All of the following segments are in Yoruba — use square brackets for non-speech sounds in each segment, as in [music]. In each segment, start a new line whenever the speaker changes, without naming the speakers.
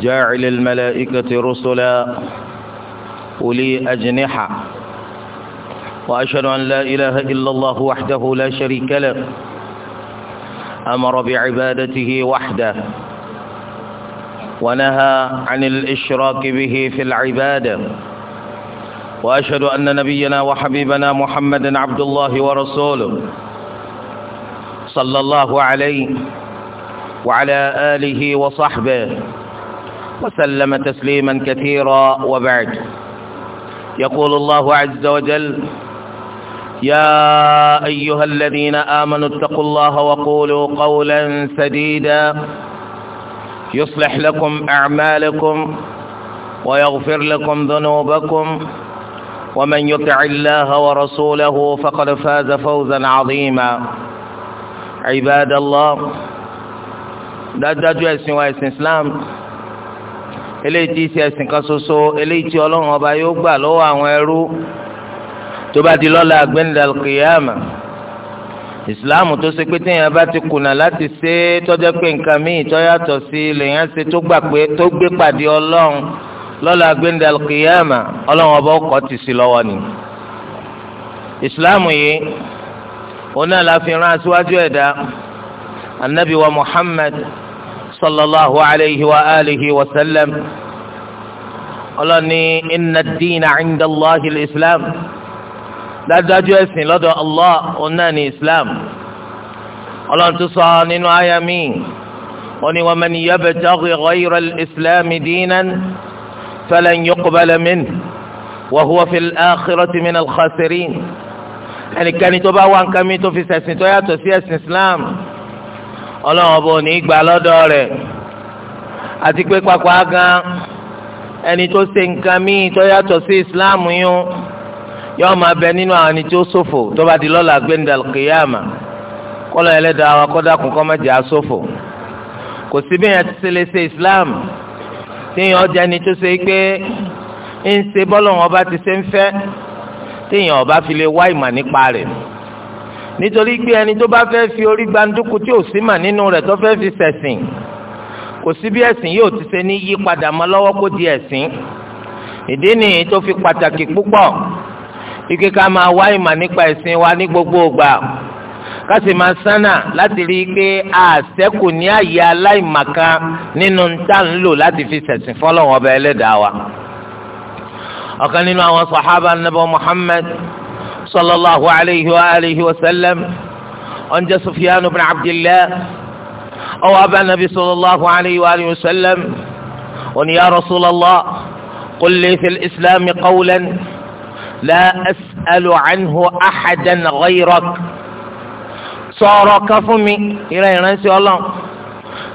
جاعل الملائكة رسلا أولي أجنحة وأشهد أن لا إله إلا الله وحده لا شريك له أمر بعبادته وحده ونهى عن الإشراك به في العبادة وأشهد أن نبينا وحبيبنا محمد عبد الله ورسوله صلى الله عليه وعلى آله وصحبه وسلم تسليما كثيرا وبعد يقول الله عز وجل يا أيها الذين آمنوا اتقوا الله وقولوا قولا سديدا يصلح لكم أعمالكم ويغفر لكم ذنوبكم ومن يطع الله ورسوله فقد فاز فوزا عظيما عباد الله دجاج اسم واسم اسلام eléyìí tí ṣe ẹ̀sìn kan ṣoṣo eléyìí tí ọlọ́run ọba yóò gbà lọ́wọ́ àwọn ẹrú tó bá di lọ́la àgbẹ̀ndàl kìyàmà ìsìláàmù tó ṣe pé téèyàn bá ti kùnà láti ṣe é tọ́jọ́ pé nǹkan míì tó yàtọ̀ sí lèèyàn ṣe tó gbà pé tó gbé pàdé ọlọ́run lọ́la àgbẹ̀ndàl kìyàmà ọlọ́run ọba ọkọ̀ ti sí lọ́wọ́ ni. ìsìláàmù yìí òun náà la fi rán aṣíwájú ẹ̀dá anabi wa muhammad sallallahu alayhi wa alihi wa sallam ọlọ́ni inna ad-dina 'inda Allahi al-islam dájúdájú ẹ̀sìn lọ́dọ̀ Allah òun náà ní islam ọlọ́run tó sọ nínú àyà mi ó ní wa man yabtaghi ghayra al-islam dinan falan yuqbala minhu wa huwa fil akhirati min al-khasirin ẹnikẹ́ni tó bá wá nǹkan mi tó fi ṣẹ̀sìn tó yàtọ̀ sí ẹ̀sìn islam ọlọ́run ọba ní gbà lọ́dọ̀ rẹ̀ àti pé pàpà gan ẹni tó ṣe nǹkan míì tó yàtọ̀ sí islam yún yóò máa bẹ nínú àwọn ẹni tó ṣòfò tó bá di lọ́la gbẹ̀ndàl kìyàmà kọ́lọ̀ ẹlẹ́dàá wa kọ́ dákun kọ́ mẹ́jẹ̀ á kò sí bí yẹn ti ṣe lè ṣe islam téèyàn ọjà ẹni tó ṣe pé ń ṣe bọ́lọ̀ wọn bá ti ṣe ń fẹ́ téèyàn ọba fi lè wá ìmọ̀ nípa rẹ̀ nítorí pé ẹni tó bá fẹ́ fi orí gbanduku tí ò sí mà nínú rẹ̀ tó fẹ́ fi ṣẹ̀sìn kò sí bí ẹ̀sìn yóò ti ṣe ní yí padà mọ́ lọ́wọ́ kó di ẹ̀sìn ìdí nìyí tó fi pàtàkì púpọ̀ ike ká máa wá ìmọ̀ nípa ẹ̀sìn wa ní gbogbo ìgbà ká sì máa sánà láti rí i pé àṣẹ́kù ní àyè aláìmọ̀kan nínú tá ń lò láti fi ṣẹ̀sìn fọ́lọ́wọ́n ọba ẹlẹ́dàá wa ọ̀kan nínú àwọn sàhábà nàbà Muhammad sallallahu alayhi wa alihi wa sallam ọ̀njẹ́ Sufyan ibn Abdillah. أو abẹ́ anabi sallallahu alayhi wa sallam oní ya rasulallah qul li fil islam qawlan la as'alu anhu ahadan ghayrak sọ̀rọ̀ kan fún mi ìrẹ́ ìránṣẹ́ ọlọ́run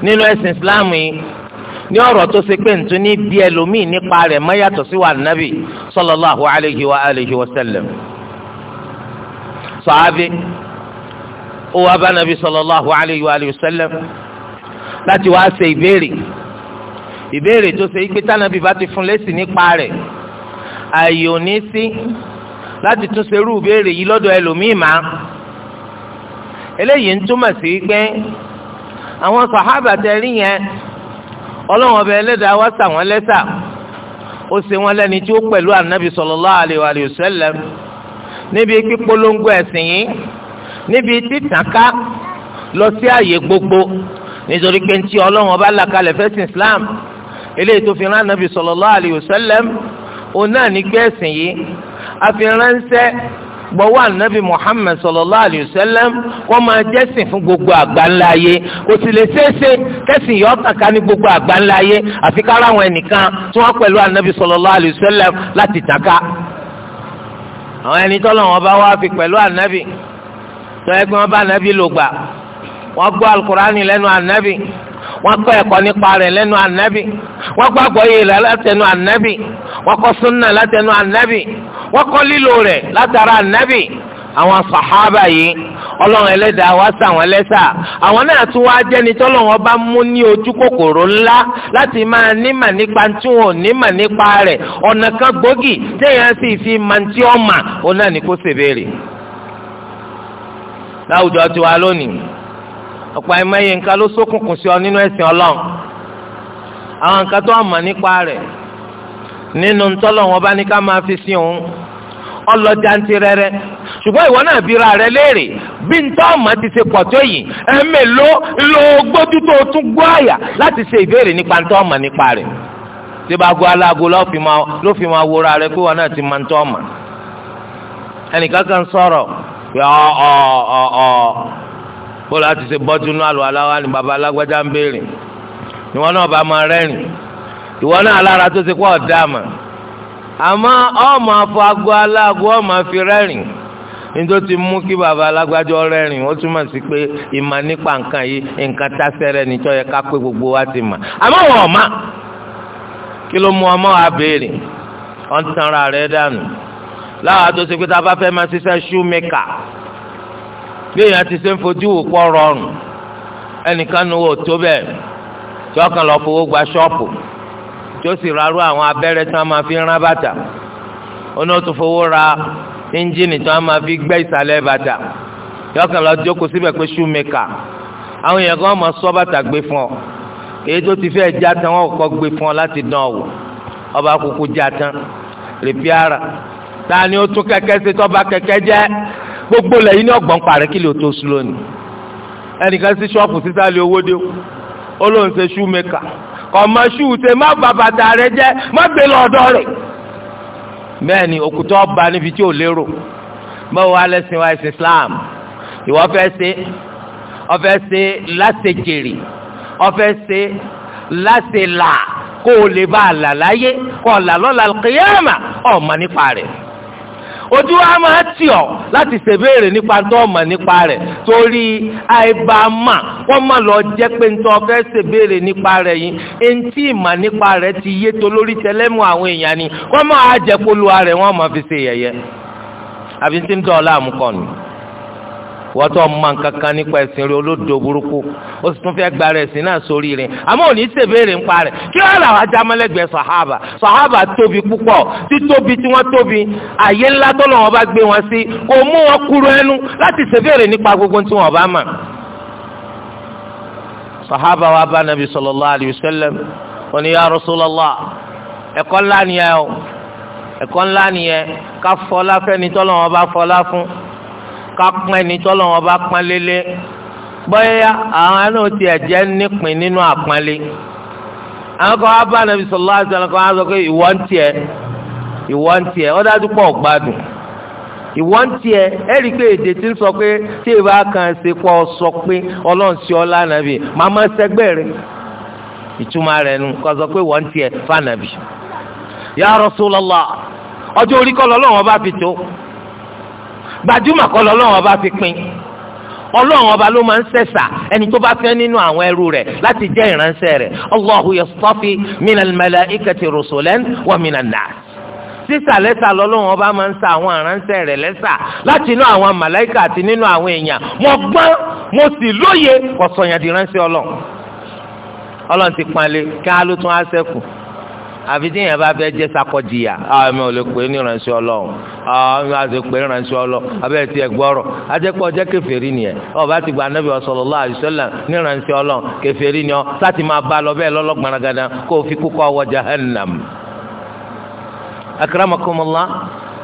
nínú ẹ̀sìn islam yìí ní ọ̀rọ̀ tó ṣe pé ntún ní bí ẹlòmíì nípa rẹ̀ má yàtọ̀ sí wa nàbì sallallahu alayhi wa alihi wa sallam. sàábì ó wá bá nàbì sallallahu alayhi wa alihi wa sallam. láti wá ṣe ìbéèrè ìbéèrè tó ṣe pé tánàbí bá ti fún lésì nípa rẹ̀ ààyè ò ní sí láti tún ṣerú ìbéèrè yìí lọ́dọ̀ ẹlòmíì má eléyìí ń túmọ̀ sí pé àwọn sàhábà tẹ rí yẹn ọlọ́wọ́n ọba ẹlẹ́dàá wá sà wọ́n lẹ́sà ó ṣe wọ́n lẹ́ni tí ó pẹ̀lú ànábì níbi pípolongo ẹ̀sìn yìí níbi lọ sí gbogbo nítorí pé ntí ọlọ́run ọba làkàlẹ̀ fẹ́sìn islam eléyìí tó fi rán anabi sallallahu alayhi wa sallam òun náà ní gbé ẹ̀sìn yìí àfihànṣẹ́ gbọ́wọ́ anabi muhammed sallallahu alayhi wa sallam wọ́n máa jẹ́sìn fún gbogbo àgbáńlá ayé kò sì lè ṣeéṣe kẹ́sìn yọ kàkà ní gbogbo àgbáńlá ayé àfi kára àwọn ẹnìkan tí wọ́n pẹ̀lú anabi sallallahu alayhi wa sallam láti tàka àwọn ẹni tọ́lọ̀ wọn bá wá fi pẹ̀lú anabi tọ́ ẹgbẹ́ wọn bá anabi lò gbà wọ́n gbọ́ alukurani lẹ́nu anabi wọ́n gbọ́ ẹ̀kọ́ nípa rẹ̀ lẹ́nu anabi wọ́n gbọ́ àgbọ́yé rẹ̀ látẹnu anabi wọ́n kọ́ sunna látẹnu anabi wọ́n kọ́ lílo rẹ̀ látara anabi àwọn sàhábà yìí ọlọ́run ẹlẹ́dàá wá ṣàwọn lẹ́ṣà àwọn náà tún wá jẹ́ni tọ́lọ́wọ́n bá mú ní ojú kòkòrò ńlá láti máa nímà nípa tí wọn ò nímà nípa rẹ̀ ọ̀nà kan gbòógì téèyàn sì fi mantí ọ̀mà òun náà ní kó ṣèbéèrè. láwùjọ tiwa lónìí ọ̀pọ̀ ẹ̀mẹ́yẹ nǹkan ló ṣókùnkùn sí ọ nínú ẹ̀sìn ọlọ́run àwọn nǹkan tó àmọ̀ nípa rẹ̀ nínú ntọ́lọ̀ wọn bá ní ká máa fi sí òun ọlọ́jà ń ti rẹ́rẹ́ ṣùgbọ́n ìwọ náà bira rẹ léèrè bí ntọ́ àmọ́ ti ṣe pọ̀ tó yìí ẹ̀mẹ́ ló lo gbójú tó tún gbọ́ àyà láti ṣe ìbéèrè nípa ntọ́ àmọ́ nípa rẹ̀ tí bá gbọ́ aláàgó ló fi máa wòra rẹ pé wọn náà ti máa ntọ́ àmọ́ ẹnìkan kan sọ̀rọ̀ pé ọ ọ bó láti ṣe bọ́tún náà lọ aláwa ni baba alágbájá ń béèrè ìwọ náà bá máa rẹ́rìn ìwọ náà alára tó ti kọ́ ọ̀dà mà àmọ́ ọmọ afọ agbo aláàgbo ọmọ fi rẹ́rìn nítorí ti mú kí baba alágbájá rẹ́rìn ó túmọ̀ sí pé ìmọ̀ nípa nǹkan yìí nǹkan tásẹ̀rẹ̀ nìjọ́ yẹ ká pé gbogbo wa ti mà àmọ́ wọn ọ̀ma kí ló mú ọmọ wa béèrè ọ̀ ń tanra rẹ̀ dànù láwa tó ṣe pé tá a bá fẹ́ máa ṣiṣẹ́ shoemaker bí èèyàn ti ṣe ń fojú wò pọ̀ rọrùn ẹnìkan nu wò tó bẹ́ẹ̀ tí wọ́n kàn lọ fowó gba ṣọ́ọ̀pù tí ó sì rárú àwọn abẹ́rẹ́ tí wọ́n máa fi rán bàtà ó ní ó tún fowó ra ẹ́ńjìnì tí wọ́n máa fi gbẹ́ ìsàlẹ̀ bàtà tí wọ́n kàn lọ jókòó síbẹ̀ pé ṣúmẹ́kà àwọn èèyàn kan máa sọ bàtà gbé fún ọ èyí tó ti fẹ́ já tán wọ́n kọ́ gbé fún ọ láti dán ọ ọba kúkú já tán rìpíárà ta ni ó tún kẹ̀kẹ́ sí tọ́ba kẹ̀kẹ́ jẹ́ gbogbo lẹ́yìn ní ọgbọ̀n parẹ́ kí lè tó sùn lónìí ẹnìkan sí ṣọ́ọ̀pù sísàlẹ̀ owó dé ó lóun ṣe ṣú mẹ́kà kọ̀mọ́ ṣú ṣe má bà bàtà rẹ jẹ́ má gbé lọ ọ̀dọ́ rẹ̀ bẹ́ẹ̀ ni òkúta ọba níbi tí ò lérò báwo wá lẹ́sìn wa ẹ̀sìn Islam ìwọ fẹ́ ṣe ọfẹ́ ṣe lásèkèrè ọfẹ́ ṣe lásèlà kó o lè bá a là láyé kó o là lọ́la kìyàmà ọ̀ mà nípa rẹ̀ ojú wa máa tì ọ́ láti ṣèbéèrè nípa dọ́ọ̀mà nípa rẹ̀ torí àìbámà wọ́n má lọ jẹ́ pé ntọ́ fẹ́ ṣèbéèrè nípa rẹ̀ yìí eŋti ìmà nípa rẹ̀ ti yé tó lórí tẹlẹ́mù àwọn èèyàn ni wọ́n máa jẹ́ polúwa rẹ̀ wọ́n máa fi ṣe yẹ̀yẹ́ àfi ti ń dọ̀ ọ́ láàmú kọ́ni wọ́n tó mọ nǹkan kan nípa ẹ̀sìn rẹ olódo burúkú ó sì tún fẹ́ gba rẹ̀ ẹ̀sìn náà sórí rẹ̀ àmọ́ òní ṣèbéèrè ńpa rẹ̀ kí wọ́n là wá jámọ́lẹ́gbẹ̀ẹ́ sàhábà sàhábà tóbi púpọ̀ tí tóbi tí wọ́n tóbi àyè ńlá tó lọ́wọ́ bá gbé wọn sí kò mú wọn kúrò ẹnu láti ṣèbéèrè nípa gbogbo tí wọ́n bá mọ̀. sàhábà wa bá nàbì sallallahu sallam wọ́n ya Rasulullah ẹ̀kọ́ ńlá nìyẹn ẹ̀kọ́ ńlá nìyẹn ká fọlá fẹ́ni tọ́lọ́wọ́n bá fọlá ká pọ́n ẹni tọ́lọ́ wọn bá pọ́n lélé bóyá àwọn náà ti ẹ̀jẹ̀ nípìn nínú àpọ́nlé àwọn kan wá bá nàbí sọlá àti àwọn kan wá sọ pé ìwọ ń tiẹ̀ ìwọ ń tiẹ̀ ó dájú pọ̀ gbádùn ìwọ ń tiẹ̀ ẹ pé èdè ti ń sọ pé tí ìbá kan ṣe pọ̀ sọ pé ọlọ́run sí ọlá nàbí màmá sẹgbẹ́ rẹ ìtumọ̀ rẹ̀ nu kò sọ pé ìwọ ń tiẹ̀ fànàbí ya Rasulullah ọjọ́ orí kọ́ lọ́wọ́ bá fi tó. gbajúmọ̀ kọ́ lọ́lọ́run ọba fi pín ọlọ́run ọba ló máa ń sẹ̀sà ẹni tó bá fẹ́ nínú àwọn ẹrú rẹ̀ láti jẹ́ ìránṣẹ́ rẹ̀ Allahu yastafi minal malaikati rusulan wa minan nas sísà lẹ́sà lọ́lọ́run ọba máa ń sa àwọn aránṣẹ́ rẹ̀ lẹ́sà láti inú àwọn màláìkà àti nínú àwọn èèyàn mo gbọ́n mo sì lóye kọ̀sọ̀yàn di ránṣẹ́ ọlọ́run ọlọ́run ti panlé kí ló tún á sẹ́kù àfi tí yẹn bá fẹ́ jẹ́ sakọ́jìyà àmì ah, ò lè pè é ní ìrànṣẹ́ ọlọ́run àmì ah, àti pè é ìrànṣẹ́ ọlọ́run abẹ́rẹ́ tiẹ̀ gbọ́rọ̀ ajẹ́pọ̀ jẹ́ kẹfẹ́rí nìyẹn ọba ti gba anabi sallallahu alaihi wasallam ní ìrànṣẹ́ ọlọ́run kẹfẹ́rí ni ọ láti máa bá lọ bẹ́ẹ̀ lọ́lọ́gbọ̀nrangàdà kó o fi kúkọ́ wọ jahannam. akramakumullah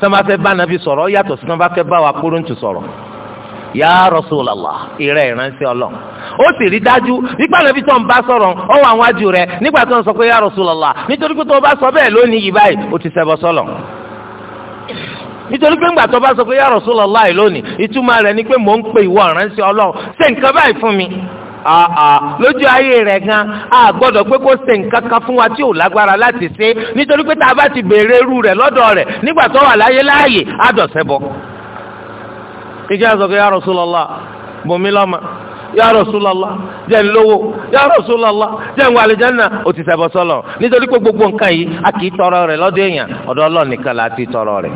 sọ́mà fẹ́ bá anabi sọ̀rọ̀ yàtọ̀ sọ́mà fẹ́ bá wa kúrúntù sọ̀rọ̀ ya Rasulullah ìrẹ́ ìránṣẹ́ ọlọ́run ó sì rí dájú nígbà náà bí tó ń bá sọ̀rọ̀ ọ wà àwọn ajú rẹ nígbà tó ń sọ pé ya Rasulullah nítorí pé tó o bá sọ bẹ́ẹ̀ lónìí yìí báyìí ó ti ṣẹbọ sọ́lọ̀ nítorí pé ńgbà tó bá sọ pé ya Rasulullah lónìí ìtumọ̀ rẹ̀ ni pé mò ń pe ìwọ ìránṣẹ́ ọlọ́run ṣe nǹkan báyìí fún mi lójú ayé rẹ̀ gan a gbọ́dọ̀ pé kó ṣe nǹkan kan fún wa tí ò lágbára láti ṣe nítorí pé tá a bá ti béèrè irú rẹ̀ lọ́dọ̀ rẹ̀ nígbà tó wà láyé láàyè á dọ̀sẹ̀ bọ̀. ìjọ àzọ pé ya Rasulullah bùnmi lọ́mọ ya Rasulullah jẹ́ ńlówó ya Rasulullah jẹ́ ńwá àlìjánà ó ti ṣẹbọ sọ́lọ̀ nítorí pé gbogbo nǹkan yìí a kì í tọrọ rẹ lọ́dọ̀ èèyàn ọ̀dọ̀ Ọlọ́run nìkan tọrọ rẹ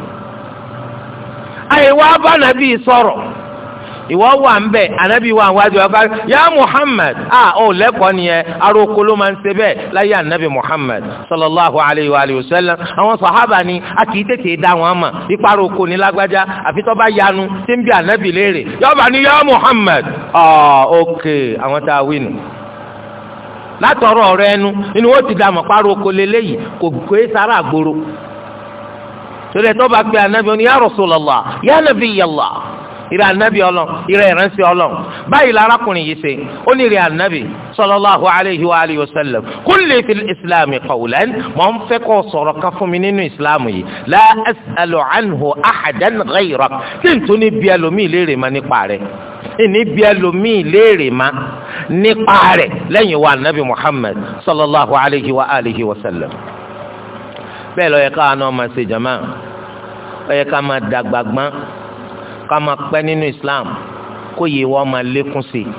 ìwọ wà ń bẹ anabi wà wájú ọba ya muhammad a ò lẹ́kọ̀ọ́ nìyẹn aróko ló máa ń ṣe bẹ́ẹ̀ láyé anabi muhammad sallallahu alayhi wa alayhi wa sallam àwọn sàhábà ni a kì í tètè dá wọn mọ̀ ipa aróko ní lágbájá àfi tó bá yanu tí ń bí anabi léèrè yọba ni ya muhammad ọ̀ ok àwọn tá a wí látọ̀rọ̀ ọ̀rọ̀ ẹnu nínú wọn ti dààmú pariwo kò lélẹyìí kò gbé sára àgbòrò torí bá pe anabi oní ya Rasulullah ya Nabiyallah ìrẹ anabi ọlọ ìrẹ ìránṣẹ́ ọlọ báyìí larakùnrin yìí ṣe ó ní ìrẹ anabi sallallahu alayhi wa alihi wa sallam kulli fil islam qawlan mọ n fẹ́ kó sọ̀rọ̀ ká fún mi nínú islam yìí la as'alu anhu ahadan ghayrak tí n tún ní bí ẹlòmíì léèrè ma nípa rẹ̀ ní bí ẹlòmíì léèrè ma nípa rẹ̀ lẹ́yìn wa anabi muhammad sallallahu alayhi wa alihi wa sallam bẹ́ẹ̀ ló yẹ ká àná ọmọ ṣe jama ó yẹ ká máa dàgbà gbọ́n ká máa pẹ́ nínú islam kó yẹ wọ́n máa lékún sí i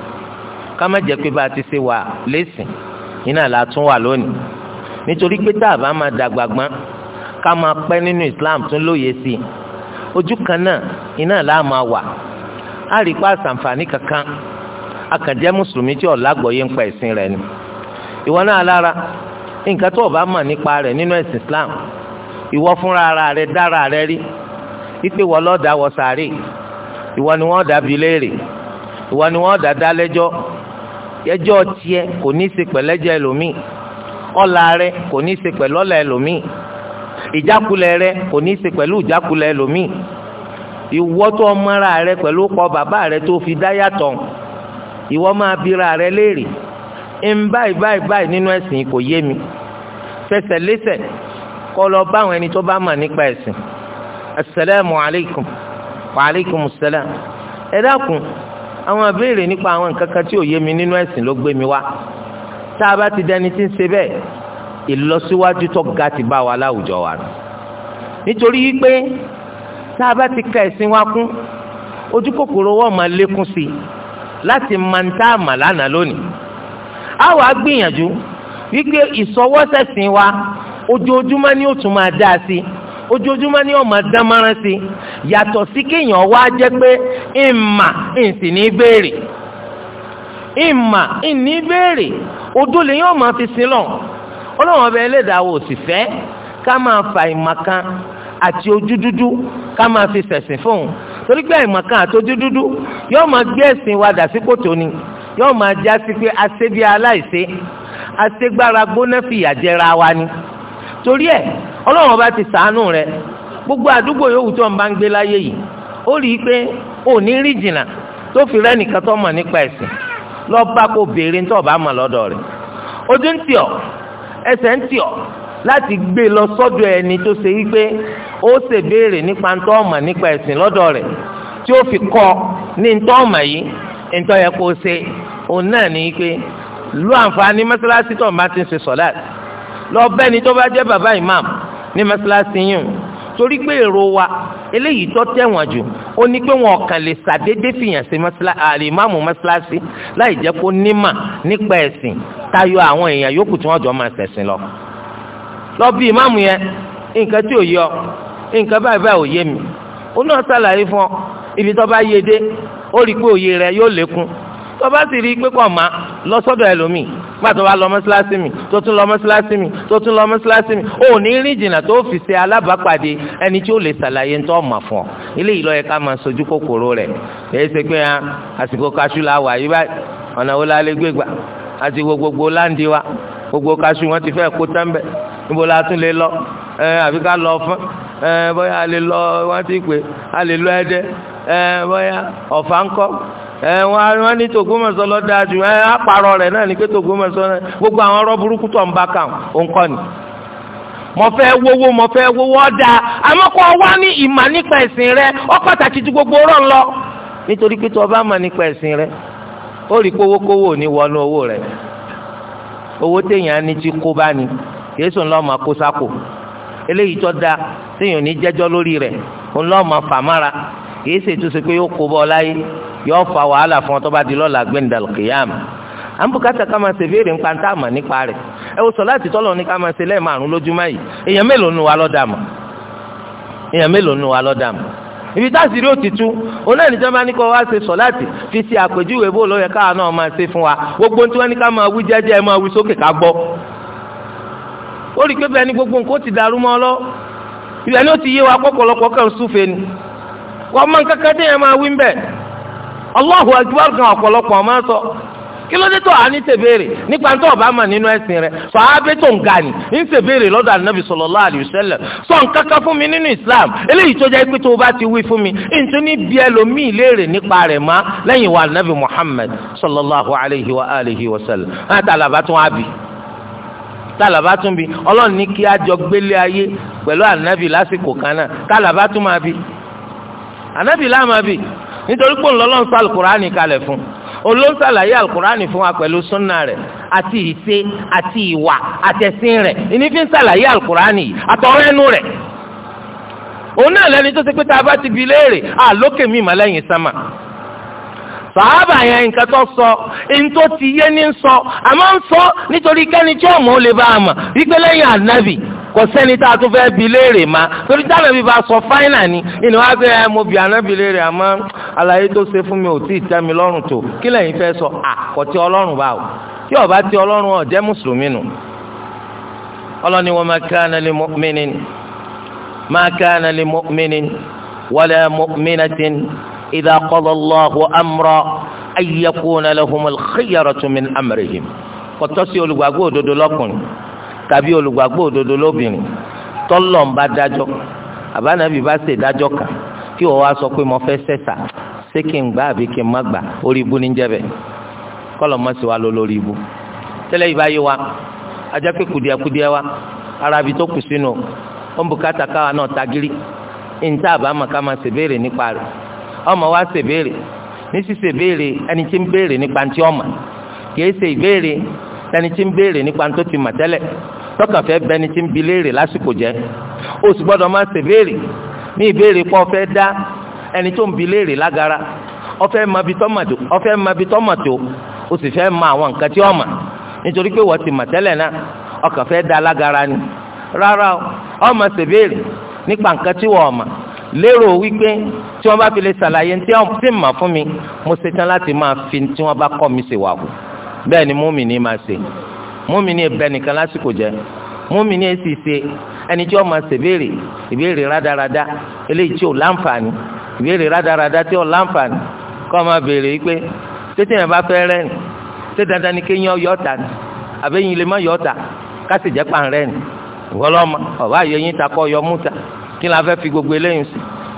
ká má jẹ́ pé bá a ti ṣe wà lẹ́sìn iná la tún wà lónìí nítorí pé tá a bá máa dàgbà gbọ́n ká máa pẹ́ nínú islam tún lóye sí i ojú kan náà iná la máa wà á rí pa àṣàǹfààní kankan akànjẹ́ mùsùlùmí tí ọ̀la gbọ́yé ń pa ẹ̀sìn rẹ̀ ni ìwọ náà lára nǹkan tó o bá mọ̀ nípa rẹ̀ nínú ẹ̀sìn islam ìwọ fúnra ara rẹ̀ dára rẹ̀ rí wípé wọ́n wọ sàárè ìwọ ni wọ́n dà bi léèrè ìwọ ni wọ́n dà dá lẹ́jọ́ ẹjọ́ tiẹ̀ kò ní í ṣe pẹ̀lẹ́jọ́ ẹlòmíì ọ̀la rẹ kò ní í ṣe pẹ̀lú ọ̀la ẹlòmíì ìjákulẹ̀ rẹ kò ní í ṣe pẹ̀lú ìjákulẹ̀ ẹlòmíì ìwọ tó mọ́ra rẹ pẹ̀lú kọ bàbá rẹ tó fi dá yàtọ̀ ìwọ máa bira rẹ léèrè ń báyìí báyìí báyìí nínú ẹ̀sìn kò yé mi fẹsẹ̀ lẹ́sẹ̀ báwọn ẹni tó bá mọ̀ nípa ẹ̀sìn asalaamualeykum. As waaleykum salaam ẹ dákun àwọn àbẹ̀rẹ̀ nípa àwọn nǹkan kan tí ò yé mi nínú ẹ̀sìn ló gbé mi wá tá a bá ti dẹni tí ń ṣe bẹ́ẹ̀ ìlọsíwájú tó ga ti bá wa láwùjọ wa nù nítorí pé tá a bá ti ka ẹ̀sìn wa kún ojú kòkòrò wọn máa lékún sí i láti máa ń tá a mà lánàá lónìí a wàá gbìyànjú wípé ìsọwọ́sẹ̀sìn wa ojoojúmọ́ ni ó tún máa dá a sí i ojoojúmọ́ ni ọmọ dámárán sí yàtọ̀ sí kéèyàn wá jẹ́ pé ìmà ìsìn ní béèrè ìmà ìní béèrè odó lèyàn ọmọ fi sin lọ ọlọ́run ọbẹ̀ ẹlẹ́dàá wò sì fẹ́ ká máa fa ìmà kan àti ojú dúdú ká máa fi ṣẹ̀sìn fún un torí pé ìmà kan àti ojú dúdú yóò máa gbé ẹ̀sìn wa dà sí kòtò ni yóò máa já pé aṣebi aláìṣe aṣegbára gbóná fìyà jẹra wa ni. torí e! ọlọ́run ọba ti sàánú rẹ gbogbo àdúgbò yòówù tó ń bá ń gbé láyé yìí ó rí i pé ò rí jìnnà tó fi rẹ́nìkan tó mọ̀ nípa ẹ̀sìn lọ́ọ́ bá kó béèrè ń tọ́ bá mọ̀ lọ́dọ̀ rẹ̀ ojú ń tì ọ́ ẹsẹ̀ ń tì ọ́ láti gbé lọ sọ́dọ̀ ẹni tó ṣe wípé ó ṣe béèrè nípa ntọ́ ọ̀mà nípa lu àǹfààní tó ti ń ṣe lọ bẹ́ẹ̀ ni tó bá jẹ́ bàbá imam ní mọ́sálásí yìí torí pé èrò wa eléyìí tó tẹ̀wọ̀n jù ó ní pé wọn kàn lè sàdédé fìyàn sí àlìmáàmù mọ́sálásí láì jẹ́ kó nímà nípa ẹ̀sìn tayọ àwọn èèyàn yòókù tí wọ́n jọ máa ṣẹ̀sìn lọ. lọ bí ìmáàmù yẹn nǹkan tí ò yọ nǹkan báyìí báyìí ò yé mi ó náà ṣàlàyé fún ọ ibi tó bá yé dé ó rí pé òye rẹ yóò lékún tọba bá sì rí i pé kò ma lọ sọ́dọ̀ ẹlòmíì wa lọ mọ́sálásí mi tó tún mi ní jìnnà tó fi ṣe alábàápàdé ẹni tí ó lè ṣàlàyé ntọ́ ọ̀mà fún ọ ilé ìlọ yẹ ká máa sojú kòkòrò rẹ, èyí ṣe pé ah, àsìkò kaṣú la wà yí báyìí ọ̀nà wo la lè gbé gbà àti gbogbo láǹdí wa gbogbo wọn ti fẹ́ kó níbo la tún lè lọ ẹ eh, àfi ká lọ ẹ ya," ọ̀fà ńkọ́ ẹ wọn ní tògómọ̀sọ lọ dáa jù àpàrọ̀ rẹ̀ náà ní pé tògómọ̀sọ gbogbo àwọn ọ̀rọ̀ burúkú tó ń bá kàn ń kọ́ ni. mo fẹ́ wówó mo fẹ́ ní ìmà nípa ẹ̀sìn rẹ ó pàtàkì ju gbogbo ọ̀rọ̀ lọ nítorí pé tó o bá mà nípa ẹ̀sìn rẹ rẹ̀ kìí ṣe tó ṣe pé yóò kó bọ́ ọ láyé yóò fa wàhálà fún ọ tó bá di lọ́la gbẹ̀ndàlù kìyàmù à ń bùkátà ká máa ṣe béèrè ń pantá àmà nípa rẹ̀ ẹ wò sọ láti tọ́lọ̀ ní ká máa ṣe lẹ́ẹ̀márùn lójúmọ́ yìí èèyàn mélòó nu wa lọ́dà mọ̀ èèyàn mélòó nu wa lọ́dà mọ̀ ibi táàsì rí òtítú òun náà níjọba ní kó wá ṣe sọ láti fi ṣe àpèjúwe bó ló yẹ káwa náà máa ṣe fún wa gbogbo tí wọ́n ní ká máa wí jẹ́jẹ́ ẹ máa wí sókè ká gbọ́ ó rí i pé bẹ́ẹ̀ ni gbogbo nǹkan ó ti dàrú mọ́ ọ lọ ọmọ nǹkan kan tẹ̀yẹ̀ máa wí ń bẹ̀ Allahu akbar kan ọ̀pọ̀lọpọ̀ máa sọ kí ló dé tó àá ní tèbéèrè nípa tó ọba mà nínú ẹ̀sìn rẹ̀ sàábé tó ń ga ni ń tèbéèrè lọ́dọ̀ ànábì sallallahu alaihi wasallam sọ nǹkan kan fún mi nínú islam eléyìí tó jẹ́ pé tó o bá ti wí fún mi ntún ní bí ẹlòmíì léèrè nípa rẹ̀ má lẹ́yìn wa ànábì muhammad sallallahu alaihi wa alihi wasallam náà tàlàbà tún á bì tàlàbà tún bì ọlọ́run ní kí á jọ gbélé ayé pẹ̀lú ànábì lásìkò kan náà tàlàbà tún máa bì ànábì láàmà bì nítorí pé ńlọ́lọ́ ń sọ alukur'ani kalẹ̀ fún olóńsàlàyé alukur'ani fún wa pẹ̀lú súnà rẹ̀ àti ìṣe àti ìwà àtẹ̀sìn rẹ̀ ìnífín sàlàyé alukur'ani àtọ̀rọ̀ ẹnu rẹ̀ òun náà lẹni tó ṣe pé tá a bá ti bi léèrè àlókè mi màlẹ́yìn sámà sàábà yẹn nǹkan tó sọ ntó ti yé ní sọ àmọ́ ń sọ nítorí kẹ́ni tí ọmọ ò lè bá a mọ̀ wípé lẹ́yìn ànábì kò sẹ́ni tá a tún fẹ́ bi léèrè ma torí táwọn ẹbí bá sọ fáínà ni ìnú wa fẹ́ ẹ mo bi ànábì léèrè àmọ́ àlàyé tó ṣe fún mi ò tí ì tẹ́ mi lọ́rùn tó kí lẹ́yìn fẹ́ sọ àkọ́tí ọlọ́run bá o tí ọba tí ọlọ́run ọ̀jẹ́ mùsùlùmí nù ọlọ́ni wa ma kana lil mu'minin ma kana lil mu'minin wala mu'minatin idha qada Allahu amra an yakuna lahumul khiyaratu min amrihim kò tọ́ sí olùgbàgbọ́ òdodo lọ́kùnrin tàbí olùgbàgbọ́ òdodo lóbìnrin tọ́lọ̀ ń bá dájọ́ àbánabi bá ṣe dájọ́ kan kí wọ́n wá sọ pé mo fẹ́ sẹ́sà ṣé kí n gbà àbí kí n má gbà orí ibu ní jẹ́bẹ̀ kọ́lọ̀ mọ́ sí wa lọ lórí ibu tẹ́lẹ̀ yìí bá yé wa ajá pé kùdìẹ̀kùdìẹ̀ wa ara ibi tó kù sínú ó ń bùkátà káwa náà tagiri níta àbámọ̀ ká máa ṣèbéèrè nípa rẹ̀ ọmọ wa ṣèbéèrè ní ṣíṣèbéèrè ẹni tí ń béèrè nípa ntí ọmọ kì í ṣe ìbéèrè ẹni tí ń béèrè nípa tó ti mà tẹ́lẹ̀ tọkàn fẹ́ bẹni tí ń bi léèrè lásìkò jẹ́ o sì gbọ́dọ̀ máa ṣe béèrè ní ìbéèrè pọ̀ fẹ́ dá ẹni tó ń bi léèrè lágara ọfẹ́ mabi tọ́màtò ọfẹ́ mabi tọ́màtò o sì fẹ́ ma àwọn nǹkan tí ọ mà nítorí pé wọ́n ti mà tẹ́lẹ̀ náà ọkàn fẹ́ dá lágara ni rárá ọ máa ṣe béèrè nípa nǹkan tí wọ́n mà lérò wípé tí wọ́n bá fi lè ṣàlàyé tí wọ́n ti mà fún mi mo ṣetán láti máa fi tí wọ́n bá kọ́ mi ṣèwà kù bẹ́ẹ̀ ni múmìnì máa ṣe múmìnì ẹ̀bẹ̀ nìkan lásìkò jẹ́ múmìnì èsì ṣe ẹni tí ó máa ṣe béèrè ìbéèrè rádaràda eléyìí tí ò láǹfààní ìbéèrè rádaràda tí ò láǹfààní kọ́ máa béèrè pé tètè yẹn bá fẹ́ rẹ́ ni tètè dandan ni kéèyàn yọ ọ̀tà ni àbẹ́yìn lè má yọ ọ̀tà kásì jẹ́ pàǹrẹ́ ni ìwọ́lọ́mọ ọ̀bá yọ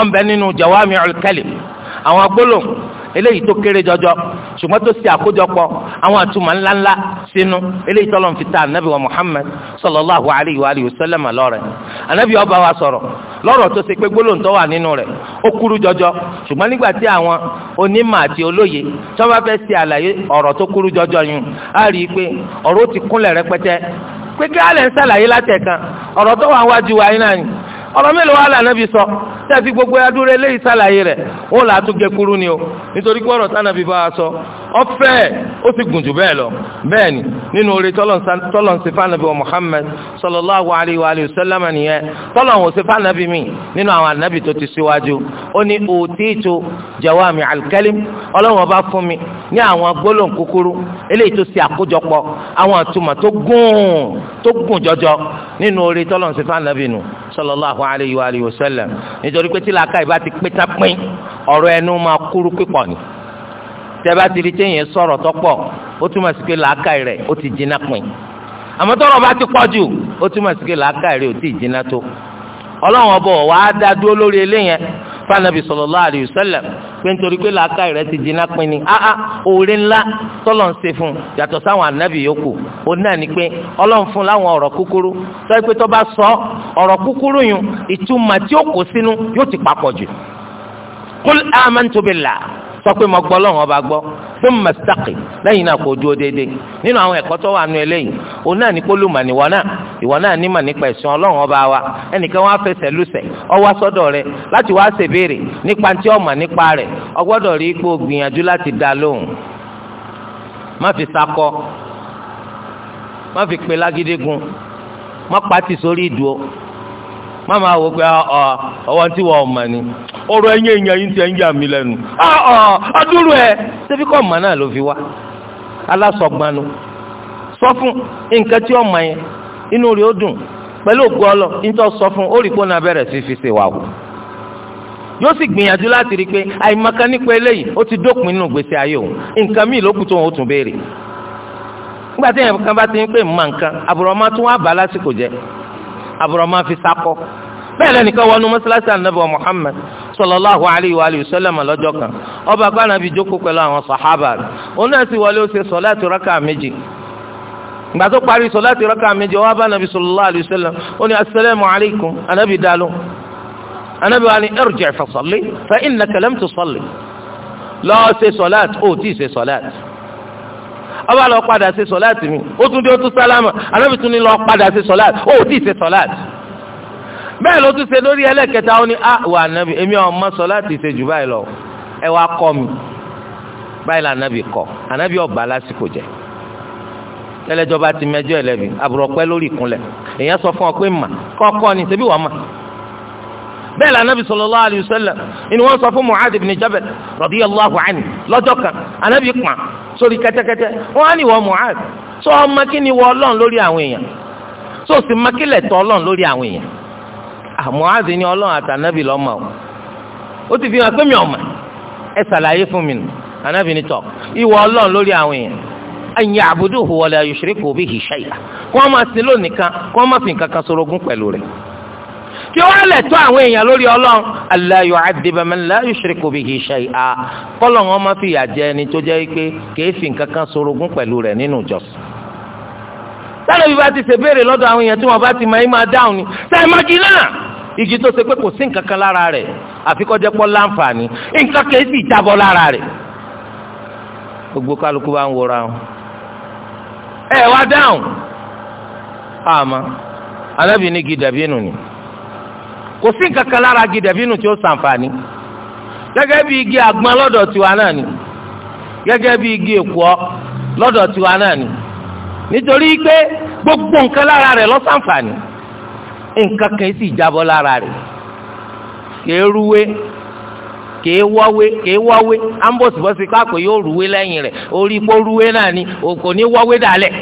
ọ̀nbẹ nínú jawami'ul kalim àwọn gbólóhùn eléyìí tó kéré jọjọ ṣùgbọ́n tó ṣe àkójọpọ̀ àwọn àtúmọ̀ ńláńlá sínú eléyìí tọ́lọ̀ fi ta anabi wa muhammed sallallahu alayhi wa alihi wa sallam lọ́rẹ̀ anabi ọba wa sọ̀rọ̀ lọ́rọ̀ tó ṣe pé gbólóhùn tó wà nínú rẹ̀ ó kúrú jọjọ ṣùgbọ́n nígbà tí àwọn onímọ̀ àti olóye tó bá fẹ́ ṣe àlàyé ọ̀rọ̀ tó kúrú jọjọ yun á rí i pé ọ̀rọ̀ ó ti kúnlẹ̀ rẹpẹtẹ pé kí á ń ṣàlàyé látẹ̀kan ọ̀rọ̀ tó wà wájú wa yín náà ni ọ̀rọ̀ mélòó wà lànà bí sọ tẹ́fi gbogbo adúrú eléyìí sàlàyé rẹ̀ ó là á tún gé kúrú ni o nítorí pé ọ̀rọ̀ tánà bíbá wa sọ ọ̀fẹ́ ó sì gùn jù bẹ́ẹ̀ lọ bẹ́ẹ̀ ni nínú oore tọ́lọ̀n sí fànàbí wa Muhammad sallallahu alayhi wa alihi wa sallam nìyẹn tọ́lọ̀n ò sí fànàbí mi nínú àwọn ànábì tó ti síwájú ó ní òtíìtò jawami alkalim ọlọ́run ọba fún mi ní àwọn gbólóhùn kúkúrú eléyìí tó ṣe àkójọpọ̀ àwọn àtúmọ̀ tó gùn tó gùn jọjọ nínú oore tọ́lọ̀n sí fànàbí nù sallallahu alayhi wa alihi nítorí pé tí làákà ìbá ti pé tá pín ọ̀rọ̀ ẹnu máa kúrú pípọ̀ ni tẹ́bá ti di téèyàn sọ̀rọ̀ tọ́pọ̀ ó túmọ̀ sí pé làákà rẹ̀ ó ti jiná pín àmọ́ tọ́rọ̀ bá ti pọ̀ jù ó túmọ̀ sí pé làákà rẹ̀ ó ti jiná tó ọlọ́run ọbọ̀ wàá dá dúró lórí eléyẹn fanabi sallallahu alayhi wa sallam pé nítorí pé làákà rẹ ti jiná pinni áá ah, ah, oore ńlá tọ́lọ̀ ń ṣe fún un yàtọ̀ sáwọn anabi yòókù òun náà ni pé ọlọ́run fún láwọn ọ̀rọ̀ kúkúrú sọ pé tó bá sọ ọ̀rọ̀ kúkúrú yun ìtumọ̀ tí ó kó sínú yóò ti papọ̀ jù. qul amantu sọ pé mo gbọ́ lọ́wọ́ ọba gbọ́ fún mẹ́sàkì lẹ́yìn náà kò dúró déédéé nínú àwọn ẹ̀kọ́ tó wà nù eléyìí òun náà ní pólùmọ̀ níwọ̀ náà ìwọ náà nímọ̀ nípa ẹ̀sìn ọlọ́run ọba wa ẹnìkan wá fẹsẹ̀ lùsẹ̀ ọwọ́ sọ́dọ̀ rẹ láti wá ṣèbéèrè nípa tí ọmọ nípa rẹ̀ ọgbọ́dọ̀ rí ipò gbìyànjú láti dá lóhùn má fi sakọ má fi pe lágídégun má pàtì sórí ìdúró mama máa pe ọ ah, ah, ọwọ́ tí ni ọ̀rọ̀ ẹ̀yìn èèyàn yìí ti ọ ń ọ ọdúró ah, ẹ ṣébí kọ́ mọ̀ náà ló fi wá alásọgbanu sọ fún nǹkan tí ọmọ yẹn inú dùn pẹ̀lú ògùn ọlọ nítorí sọ fún ó rí náà sí fi ṣe gbìyànjú láti rí i pé nípa eléyìí ó ti dópin nínú ayé òun nǹkan míì lókùn tó tún béèrè nígbà àbúrò máa fi sakọ bẹ́ẹ̀ lẹ́nìkan wọnú mọ́sálásí ànábì wa Muhammad sallallahu alayhi wa sallam lọ́jọ́ kan ọba gbanabi jókòó pẹ̀lú àwọn sàhábà rẹ̀ òun náà sì wọlé ó ṣe sọ̀láàtì rákà méjì gbà tó parí sọ̀láàtì rákà méjì ọwọ́ abánabi sallallahu alayhi wa sallam ó ní asalaamu alaykum anabi dalu anabi wa ni irji' fasalli fa innaka lam tusalli lọ́ọ́ ṣe sọ̀láàtì ó tí ṣe sọ̀láàtì ọba lọ padà ṣe sọláàtì mi ó tún dé ó tún sálámà anábì tún ní lọ padà ṣe sọláàtì ó tí ì ṣe sọláàtì bẹ́ẹ̀ ló tún ṣe lórí ẹlẹ́kẹta ó ní àwọn anábì èmi ò mọ sọláàtì ṣe jù báyìí lọ ẹ wá kọ́ mi báyìí la anábì kọ́ anábì ọ̀bà lásìkò jẹ́ ẹlẹ́jọba ti mẹjọ ẹlẹ́bi àbùrọ̀pẹ́ lórí ìkúnlẹ̀ èèyàn sọ fún ọ pé mà kọ́kọ́ ni ṣebí wàá mà bẹ́ẹ̀ la anabi sallallahu alayhi wa sallam ni wọ́n sọ fún mu'adh ibn jabal radiyallahu anhu lọ́jọ́ kan anabi kpọ̀n sórí kẹ́tẹ́kẹ́tẹ́ wọ́n á ní wọ́n Mu'adh sọ ọmọ kí ni wọ́n ọlọ́run lórí àwọn èèyàn sọ sì má kílẹ̀ tọ́ ọlọ́run lórí àwọn èèyàn ah, Mu'adh ni ọlọ́run àtànábì lọ́mọ o ó ti fi hàn pé mi ọ̀mà ẹ ṣàlàyé fún mi nù ànábì ni tọ̀ ìwọ ọlọ́run lórí àwọn èèyàn an ya'buduhu wa la yushriku bihi shay'a kó wọ́n máa sin lónìí kan kó wọ́n máa fi nǹkan kan sorogún pẹ̀lú rẹ̀ kí wọ́n lè tó àwọn èèyàn lórí ọlọ́run Allah yu'adhib man la yushriku bihi shay'a kọ́lọ̀ wọn máa fi ìyà jẹ ẹni tó jẹ́ pé kìí fi nǹkan kan sorogún pẹ̀lú rẹ̀ nínú ìjọsìn. sáré bí bá ti ṣe béèrè lọ́dọ̀ àwọn èèyàn tí wọ́n bá ti máa ń máa dáhùn ni sáré má jí náà igi tó ṣe pé kò sí nǹkan kan lára rẹ̀ àfikọ́jẹ́ pọ́ láǹfààní nǹkan kìí sì jábọ́ lára rẹ̀. gbogbo kálukú bá ń wọra wọn. ẹ wá dáhùn àmọ́ alábìíní gi dàbí nù ni. kò sí nǹkan kan lára igi dẹ̀bínú tí ó ṣàǹfààní gẹ́gẹ́ bí igi àgbọn lọ́dọ̀ tiwa náà ni gẹ́gẹ́ bí igi èkùọ́ lọ́dọ̀ tiwa náà ni nítorí pé gbogbo nǹkan lára rẹ̀ ló ṣàǹfààní nǹkan kan sì jábọ́ lára rẹ̀ kèé rúwé kèé wọ́wé kèé wọ́wé ambosibosi káàkó yóò rúwé lẹ́yìn rẹ̀ orí ipò rúwé náà ni òkò ní wọ́wé dálẹ̀.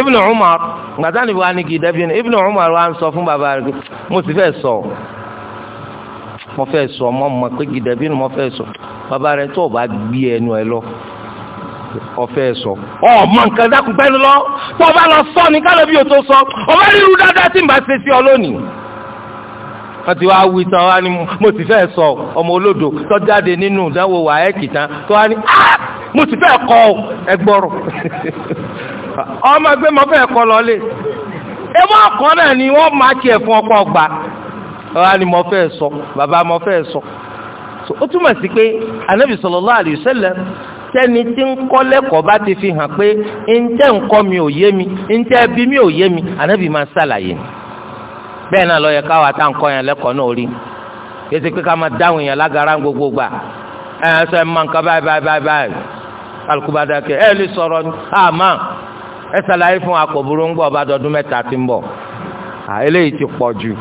Ibn Umar gbàtà níbi wa ni kì í dẹ́bi ni Ibn Umar wa ń sọ fún bàbá rẹ̀ mo sì fẹ́ sọ mo fẹ́ sọ mo mọ pé kì í dẹ́bi ni mo fẹ́ sọ bàbá rẹ̀ tó o bá gbé ẹnu ẹ lọ ọfẹ sọ. ọmọ nǹkan dákun pẹ́lú lọ tó o bá lọ sọ ní kálọ̀ bí o tó sọ ọmọ ríru dáadáa tí n bá ṣe sí ọ lónìí. wọ́n ti wá wí tán wá mo ti fẹ́ sọ ọmọ olódò tó jáde nínú ìdánwò wàhálà kìtàn tó wá ah! mo ti fẹ́ kọ́ ẹgbọ́rọ̀. [laughs] ọmọ ẹgbẹ́ mọ fẹ́ kọ́ lọ lé ewu náà ni wọ́n máa tiẹ̀ fún ọkọ gbà ni mo fẹ́ sọ bàbá mo fẹ́ sọ. ó túmọ̀ sí pé anabi sallallahu alaihi wasallam tẹ́ni tí ń kọ́ lẹ́kọ̀ọ́ bá ti fi hàn pé ntẹ́ nkọ mi ò yé mi ntẹ́ bí mi ò yé mi anabi máa ṣàlàyé ni bẹ́ẹ̀ náà ló káwa tá nkọ́ yẹn lẹ́kọ̀ọ́ náà rí yẹtí pé ká máa dáhùn yẹn lágara gbogbo gbà ẹ ẹ sọ ẹ máa báyìí báyìí báyìí alùpùpù adáké ẹ lè sọ̀rọ̀ àmà ẹ ṣàlàyé fún akọ̀bùrú ń gbọ́ ọba ọdún mẹ́ta ti ń bọ̀ eléyìí ti pọ̀ jù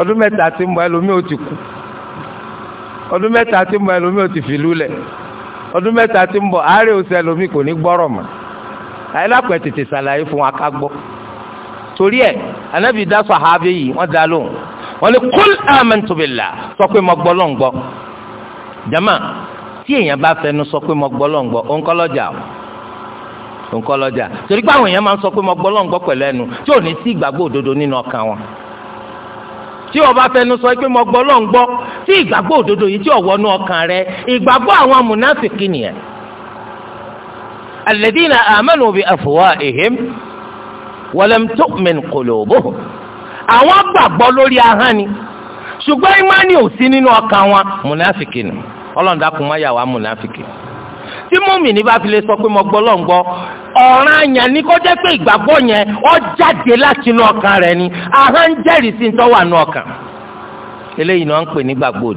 ọdún mẹ́ta ti ń bọ̀ ẹlòmíì ó ti kú ọdún mẹ́ta ti ń bọ̀ ẹlòmíì ó ti fìlú lẹ̀ ọdún mẹ́ta ti ń bọ̀ àárẹ̀ oṣù ẹlòmíì kò ní gbọ́rọ̀ mọ́ ayélujára tètè ṣàlàyé fún wa torí ẹ̀ anábì dá sàhábì yìí wọ́n dá lóhùn wọ́n lè kúl amantu sọ pé mo gbọ́ lọ́n nǹkan lọ́jà torí pé àwọn èèyàn máa ń sọ pé mo gbọ́ lọ́n gbọ́ pẹ̀lú ẹnu tí ò ní sí ìgbàgbọ́ òdodo nínú ọkàn wọn tí o bá fẹnu sọ pé mo gbọ́ lọ́n gbọ́ tí ìgbàgbọ́ òdodo yìí tí ò wọnú ọkàn rẹ ìgbàgbọ́ àwọn amúnáfìkì nìyẹn alladhina amanu bi afwahihim walam tu'min qulubuhum àwọn gbàgbọ́ lórí ahọ́n ni ṣùgbọ́n ìmánì ò sí nínú ọkàn wọn múnáfìkì ni ọlọ́run tí mùmíní bá fi lè sọ pé mo gbọ́ lọ́n gbọ́ ọ̀ràn àyàn ni kó jẹ́ pé ìgbàgbọ́ yẹn jáde láti inú ọkàn ni ahọ́n jẹ́rìí sí tó wà ọkàn eléyìí ni ń pè ní gbàgbọ́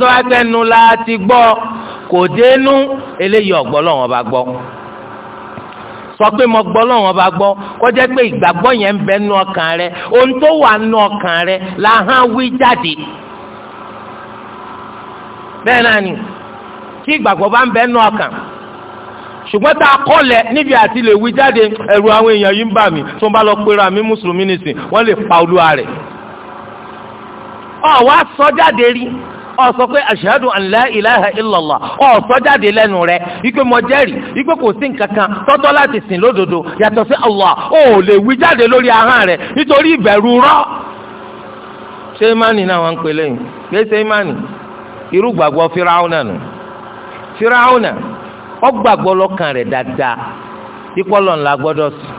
tó bá la ti gbọ́ kò dénú eléyìí ọ̀gbọ́ lọ́wọ́n bá sọ pé mo gbọ́ lọ́wọ́n bá gbọ́ kó jẹ́ pé ìgbàgbọ́ rẹ ohun tó wà nú rẹ làhán wí jáde bẹ́ẹ̀ tí ìgbàgbọ́ bá ń bẹ nù ọkàn ṣùgbọ́n tá a kọ́lẹ̀ níbi àti lè wí jáde ẹ̀rù àwọn èèyàn yìí ń bà mí tó ń bá lọ pera mi wọ́n lè pa rẹ̀. ọ̀wá sọ jáde rí ọ sọ pé ashhadu an la ọ sọ jáde lẹ́nu rẹ̀ jẹ́rìí kò sí nǹkan kan tọ́tọ́ láti sìn lódodo yàtọ̀ sí lè wí jáde lórí ahọ́n rẹ̀ nítorí ìbẹ̀rù rọ́. ṣé náà ń pè firawuna ó gbàgbọ́ lọ́kàn rẹ̀ dáadáa tí pọ́lọ̀ ńlá gbọ́dọ̀ sùn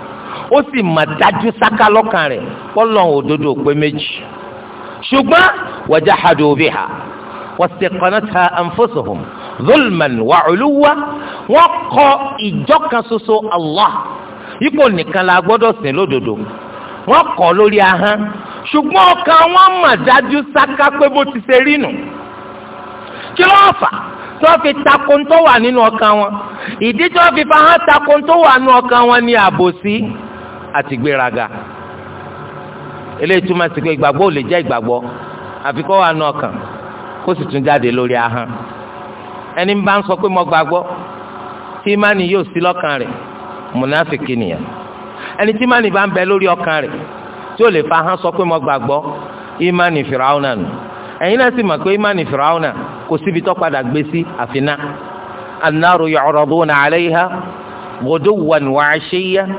ó sì mà dájú sáká lọ́kàn rẹ̀ pọ́lọ̀ òdodo pé méjì ṣùgbọ́n wajahadu biha wastaqanatha anfusuhum zulman wa uluwa wọ́n kọ ìjọ kan Allah ipò nìkan la gbọ́dọ̀ sìn lódodo wọ́n kọ lórí ahọ́n ṣùgbọ́n ọkàn wọn mà dájú sáká pé bó ti ṣe rí nù kí ló fà á tí wọ́n fi takun tó wà nínú ọkàn wọn ìdí tí wọ́n fi fa hàn takun tó wà nínú ọkàn wọn ni àbòsí àti gbéraga eléyìí túmọ̀ sí pé ìgbàgbọ́ ò lè jẹ́ ìgbàgbọ́ àfi kó wà nínú ọkàn kó sì tún jáde lórí ahọ́n ẹni bá ń sọ pé mo gbàgbọ́ tí ìmánì yóò sí lọ́kàn rẹ̀ mùnáfìkì nìyẹn ẹni tí ìmánì bá ń bẹ lórí ọkàn rẹ̀ tí ó lè fa ahọ́n sọ pé mo gbàgbọ́ ìmánì fìràwọ̀nà nù ẹ̀yin náà sì mọ̀ pé ìmánì fìràwọ̀nà nù kò síbi tó padà gbé sí àfiná annaru yu'raduna 'alayha ghuduwwan wa 'ashiyyan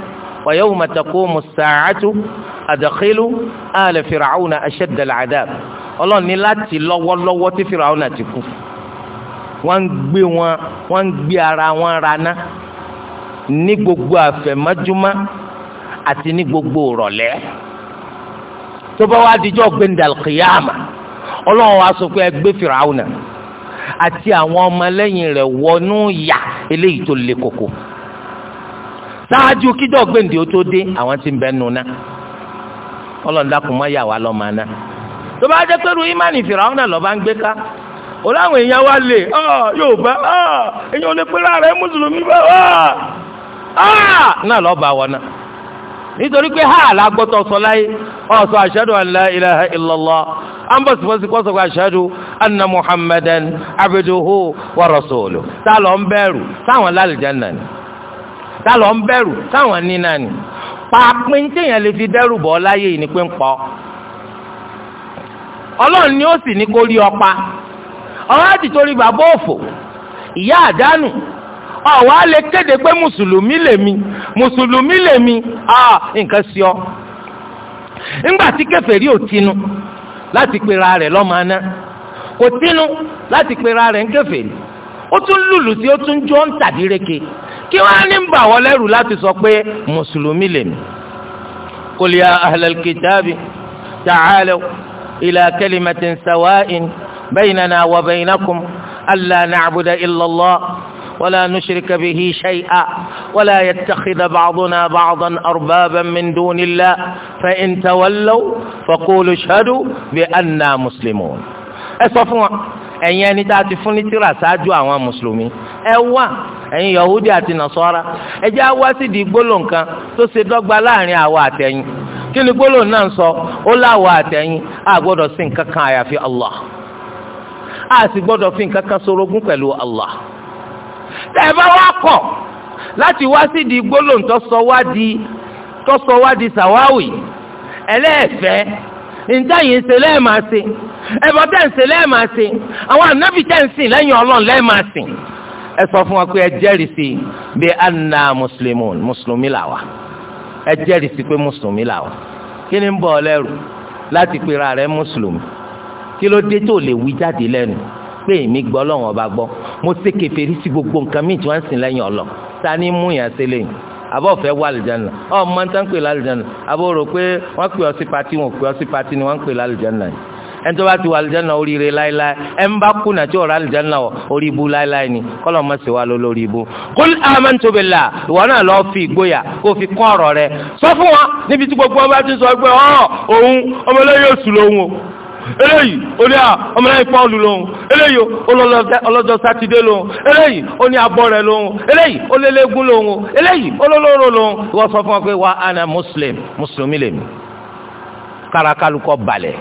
wa yawma taqumu as-sa'atu adkhilu ala fir'auna ashadda al-'adab ọlọ́ọ̀ni láti lọ́wọ́lọ́wọ́ tí fìràwọ́nà ti kú wọ́n ń gbé wọn wọ́n gbé ara wọn raná ní gbogbo àfẹ̀mọ́júmọ́ àti ní gbogbo ìrọ̀lẹ́ tó bá wá dijọ́ gbẹ̀ndàlùkìyàmà ọlọ́run wá gbé fìràwọ́nà àti àwọn ọmọlẹ́yìn rẹ̀ wọnú yà eléyìí tó le koko ṣáájú kíjọ́ ji ó tó dé àwọn tí ń bẹ nu náà ọlọ́ọ̀dàkùn mọ́ yà wá lọ́ọ́ máa tó bá jẹ́ pé ru imáni Fìràwọn lọ́ba ń gbé ká oláwọn èèyàn wá lè yóò bá èèyàn lè pé ààrẹ mùsùlùmí bá náà lọ́ba wọn náà nítorí pé ha làgbọ́tọ̀ sọ láyé ọ̀sọ̀ ashadu an anna muhammadan abduhu wa rasuluhu talo lọ ń bẹ̀rù sáwọn lálìjáná ni tá lọ ń bẹ̀rù sáwọn nínà ni pàápín téèyàn lè fi dẹ́rù bọ́ láyé yìí ni pé ń pọ̀ ọlọ́run ni ó sì ní kó rí ọpa ọ̀rọ̀ àti torí bàbá òfò ìyá àdánù ọ̀wọ́ á lè kéde pé mùsùlùmí lèmi mùsùlùmí lèmi nǹkan sí ọ ńgbà tí kèfèrí láti pera rẹ̀ lọ́mọ aná kò tínú láti pera rẹ̀ ń kẹfẹ́ ni ó tún lùlù tí ó tún jọ ń tàbí reke kí wọ́n á ní bà wọ́n lẹ́rù láti sọ pé mùsùlùmí lèmi. قل يا أهل الكتاب تعالوا إلى كلمة سواء بيننا وبينكم ألا نعبد إلا الله ولا نشرك به شيئا ولا يتخذ بعضنا بعضا أربابا من دون الله فإن تولوا فقولوا اشهدوا بأننا مسلمون ẹ sọ fún wa ẹ̀yin ẹni tá a ti fún ní tírà ṣáájú àwọn mùsùlùmí ẹ wá ẹ̀yin yahudi àti nasọ́ra ẹ jẹ́ wá sí di gbólóhùn kan tó ṣe dọ́gba láàrin àwa àtẹ̀yin kí ni gbólóhùn náà ń sọ ó láwa àtẹ̀yin a gbọdọ sí nǹkan kan àyàfi allah a sì gbọ́dọ̀ fi nǹkan kan sorogún pẹ̀lú allah tẹ́ ẹ bá wá kọ̀ láti wá sí di gbólóhùn tó sọ wá di tó sọ wá di sàwáwì ẹlẹ́ẹ̀fẹ́ níta yìí máa ṣe. ẹbọ tẹ̀sí lẹ́ẹ̀máa sìn àwọn ànábì tẹ̀sí lẹ́yìn ọlọ́run lẹ́ẹ̀máa sìn ẹ sọ fún wa pé ẹ jẹ́rìí sí bí anna mùsùlùmí mùsùlùmí là wà ẹ jẹ́rìí sí pé mùsùlùmí là wà kí ni ń bọ̀ lẹ́rù láti pera rẹ̀ mùsùlùmí kí ló dé tó lè wí jáde lẹ́nu pé èmi gbọ́ lọ́wọ́n ọba gbọ́ mo ṣe kèfèrí sí gbogbo nǹkan míì tí wọ́n ń lẹ́yìn ọlọ́ ta ni mú yàn sí lẹ́yìn àbọ̀ fẹ́ wà lìjánà ọ̀ mọ́ntán pè lálìjánà àbọ̀ rò pé wọ́n pè ọ sí pati wọn pè ọ sí pati ni wọ́n pè lálìjánà yìí ẹni tó bá ti wà alìjẹ́nà oríire láéláé ẹni bá kùnà tí ọ̀rọ̀ alìjẹ́nà orí ibu láéláé ni kọ́lọ̀ mọ̀ sí wa ló lórí ibu. kúl amantu billah ìwọ náà lọ fi ìgboyà kó fi kọ́ ọ̀rọ̀ rẹ sọ fún wọn níbi tí gbogbo wọn bá ti sọ pé ọ òun ọmọlẹ́yìn oṣù lòun o eléyìí ó ní ọmọlẹ́yìn pọ́ọ̀lù lòun eléyìí ọlọ́jọ́ sátidé lòun eléyìí ó abọ́ rẹ̀ lòun eléyìí ó lòun eléyìí olólóró lòun ìwọ sọ fún wa pé wa ana muslim mùsùlùmí lèmi kárakálu kọ balẹ̀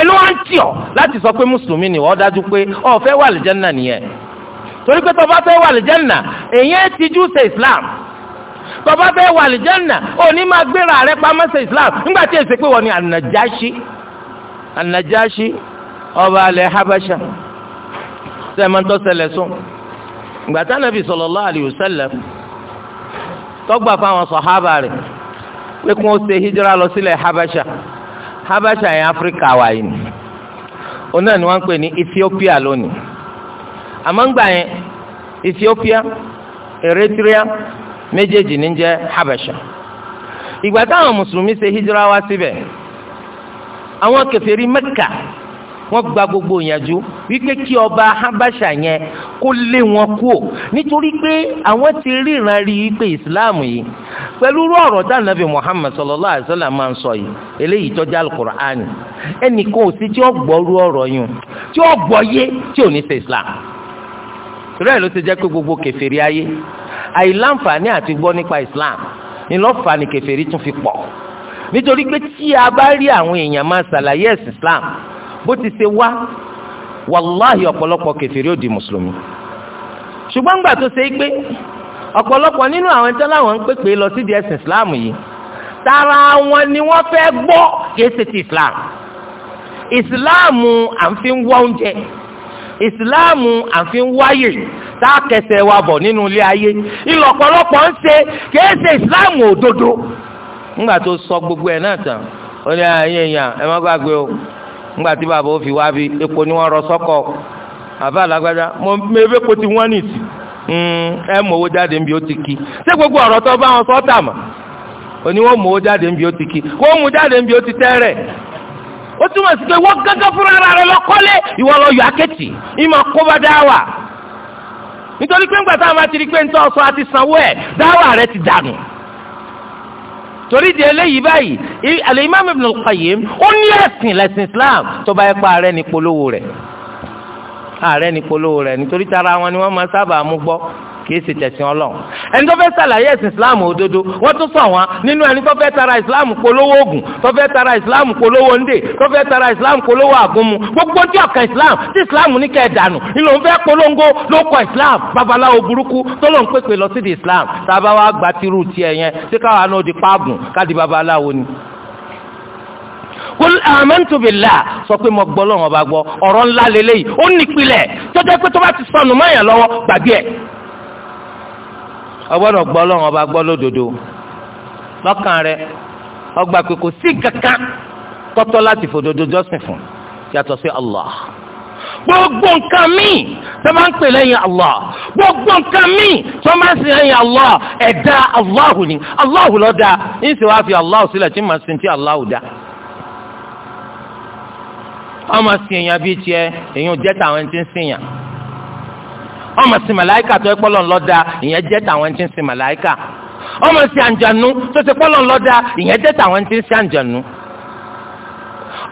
elu wa ń tì ọ́ láti sọ pé mùsùlùmí ni wọ́n dájú pé ọ fẹ́ wà lìjẹ́nà nìyẹn torí pé tó fẹ́ wà lìjẹ́nà èyí ti jù ṣe islam tó bá fẹ́ wà lìjẹ́nà òní máa gbéra rẹ pamọ́ ṣe islam nígbà tí èsì pé wọ́n ni ànàjáṣí ànàjáṣí ọba alẹ́ habasha sẹ́mọ́tò ṣẹlẹ̀ sùn gbàtà nàbì sallallahu alayhi wa sallam tọ́gbà fáwọn sàhábà rẹ̀ pé kí wọ́n ṣe hijira lọ sílẹ̀ habasha. habasha yẹn áfíríkà wa yìí ni òun ni wọ́n ń pè ethiopia lónìí àmọ́ ńgbà yẹn ethiopia eritrea méjèèjì ní jẹ́ habasha ìgbà táwọn mùsùlùmí ṣe hijira wá síbẹ̀ àwọn kèfèrí mẹ́kà wọ́n gba gbogbo ìyànjú wípé kí ọba habasha yẹn kó lé wọn kúò nítorí pé àwọn ti ríran rí i pé ìsìláàmù yìí pẹ̀lú irú ọ̀rọ̀ tá nàbì Muhammad sallallahu alaihi wasallam máa ń sọ yìí eléyìí tọ́jú alukur'ani ẹnìkan ò sí tí ó gbọ́ irú ọ̀rọ̀ yìí tí ó gbọ́ yé tí ò ní ṣe Islam torí ẹ̀ ló ti jẹ́ pé gbogbo kèfèrí ayé àìláǹfààní àti gbọ́ nípa Islam ni lọ́ọ̀fà ni kèfèrí tún fi pọ̀ nítorí pé tí a bá rí àwọn èèyàn máa ṣàlàyé ẹ̀sìn Islam bó ti ṣe wá wàláhì ọ̀pọ̀lọpọ̀ kèfèrí ó di mùsùlùmí ṣùgbọ́n gbà tó ṣe é pé ọ̀pọ̀lọpọ̀ nínú àwọn ẹ̀ńtẹ́ láwọn ń pèpè lọ sídìí ẹ̀sìn islam yìí tara wọn ni wọ́n fẹ́ gbọ́ kìí ṣe ti islam islam à ń fi ń wá oúnjẹ islam à ń fi ń wáyè tá a kẹsẹ̀ wa bọ̀ nínú ilé ayé ìlọ ọ̀pọ̀lọpọ̀ ń ṣe kìí ṣe islam òdodo ńgbà tó sọ gbogbo ẹ̀ náà tán ó ní ayé ah, èèyàn ẹ má gbàgbé o ńgbà tí bàbá ó fi wá bí epo ni wọ́n rọ sọ́kọ̀ bàbá alágbádá mo mọ ewé ti wọ́n nìsí ẹ mọ owó jáde níbi ó ti kí ṣé gbogbo ọ̀rọ̀ tó bá wọn sọ́tà mà òní wọ́n mọ owó jáde níbi ó ti kí wọ́n mú jáde níbi ó ti tẹ́rẹ̀ ó túmọ̀ sí pé wọ́n gángan fúnra ara rẹ lọ́kọ́lé ìwọ lọ yọ akẹ́tì ìmọ̀ kóbá dáwà nítorí pé ńgbà táwọn bá ti rí pé ńtọ́ ọ̀sọ́ àti sanwó ẹ̀ dáwà rẹ ti dànù torí di eléyìí báyìí Al-Imam Ibn Al-Qayyim ó ní ẹ̀sìn lẹ́sìn Islam tó bá yẹ pa ara ààrẹ ní polówó rẹ̀ nítorí tara wọn ni wọ́n máa sábà mú gbọ́ kì í ṣe tẹ̀sìn ọlọ́run ẹni tó fẹ́ ṣàlàyé ẹ̀sìn islam òdodo wọ́n tún sọ wọn nínú ẹni tó fẹ́ tara islam polówó oògùn tó fẹ́ tara islam polówó ndè tó fẹ́ tara islam polówó àgúnmu gbogbo tí ọ̀kan islam tí islam ní kẹ́ ẹ̀ dànù ìlò ń fẹ́ polongo ló kọ islam babaláwo burúkú tó ló ń pèpè lọ sí di islam tá a bá wá gba tirú tiẹ̀ yẹn ṣé káwa náà di páàbùn ká kul amantu billah sọ pé mo gbọ́ lọ́wọ́ bá gbọ́ ọ̀rọ̀ ńlá lélẹ́yìí ó nípìlẹ̀ tọ́jà pé tó bá ti sọnù máyà lọ́wọ́ gbàgbé ẹ̀. ọgbọ́dọ̀ gbọ́ lọ́wọ́ bá gbọ́ lódodo lọ́kàn rẹ ọgbà pé kò sí kankan tọ́tọ́ láti fòdodo jọ́sìn fún yàtọ̀ sí Allah gbogbo nǹkan míì tó máa ń pè lẹ́yìn Allah gbogbo nǹkan míì tó máa ń sìn lẹ́yìn Allah ẹ̀dá Allahu ni Allahu ló dá ní ìsìn wá fi Allahu sílẹ̀ tí màá sin tí Allahu dá ọmọ sí èèyàn bíi tiẹ̀ èèyàn jẹ́ tàwọn ẹni tí ń sìn yàn ọmọ sí màláìkà tó ẹ pọ́ lọ́n lọ́dà ìyẹn jẹ́ tàwọn ẹni tí ń sìn màláìkà ọmọ sí àǹjànú tó ṣe pọ́ lọ́n lọ́dà ìyẹn jẹ́ tàwọn ẹni tí ń sìn àǹjànú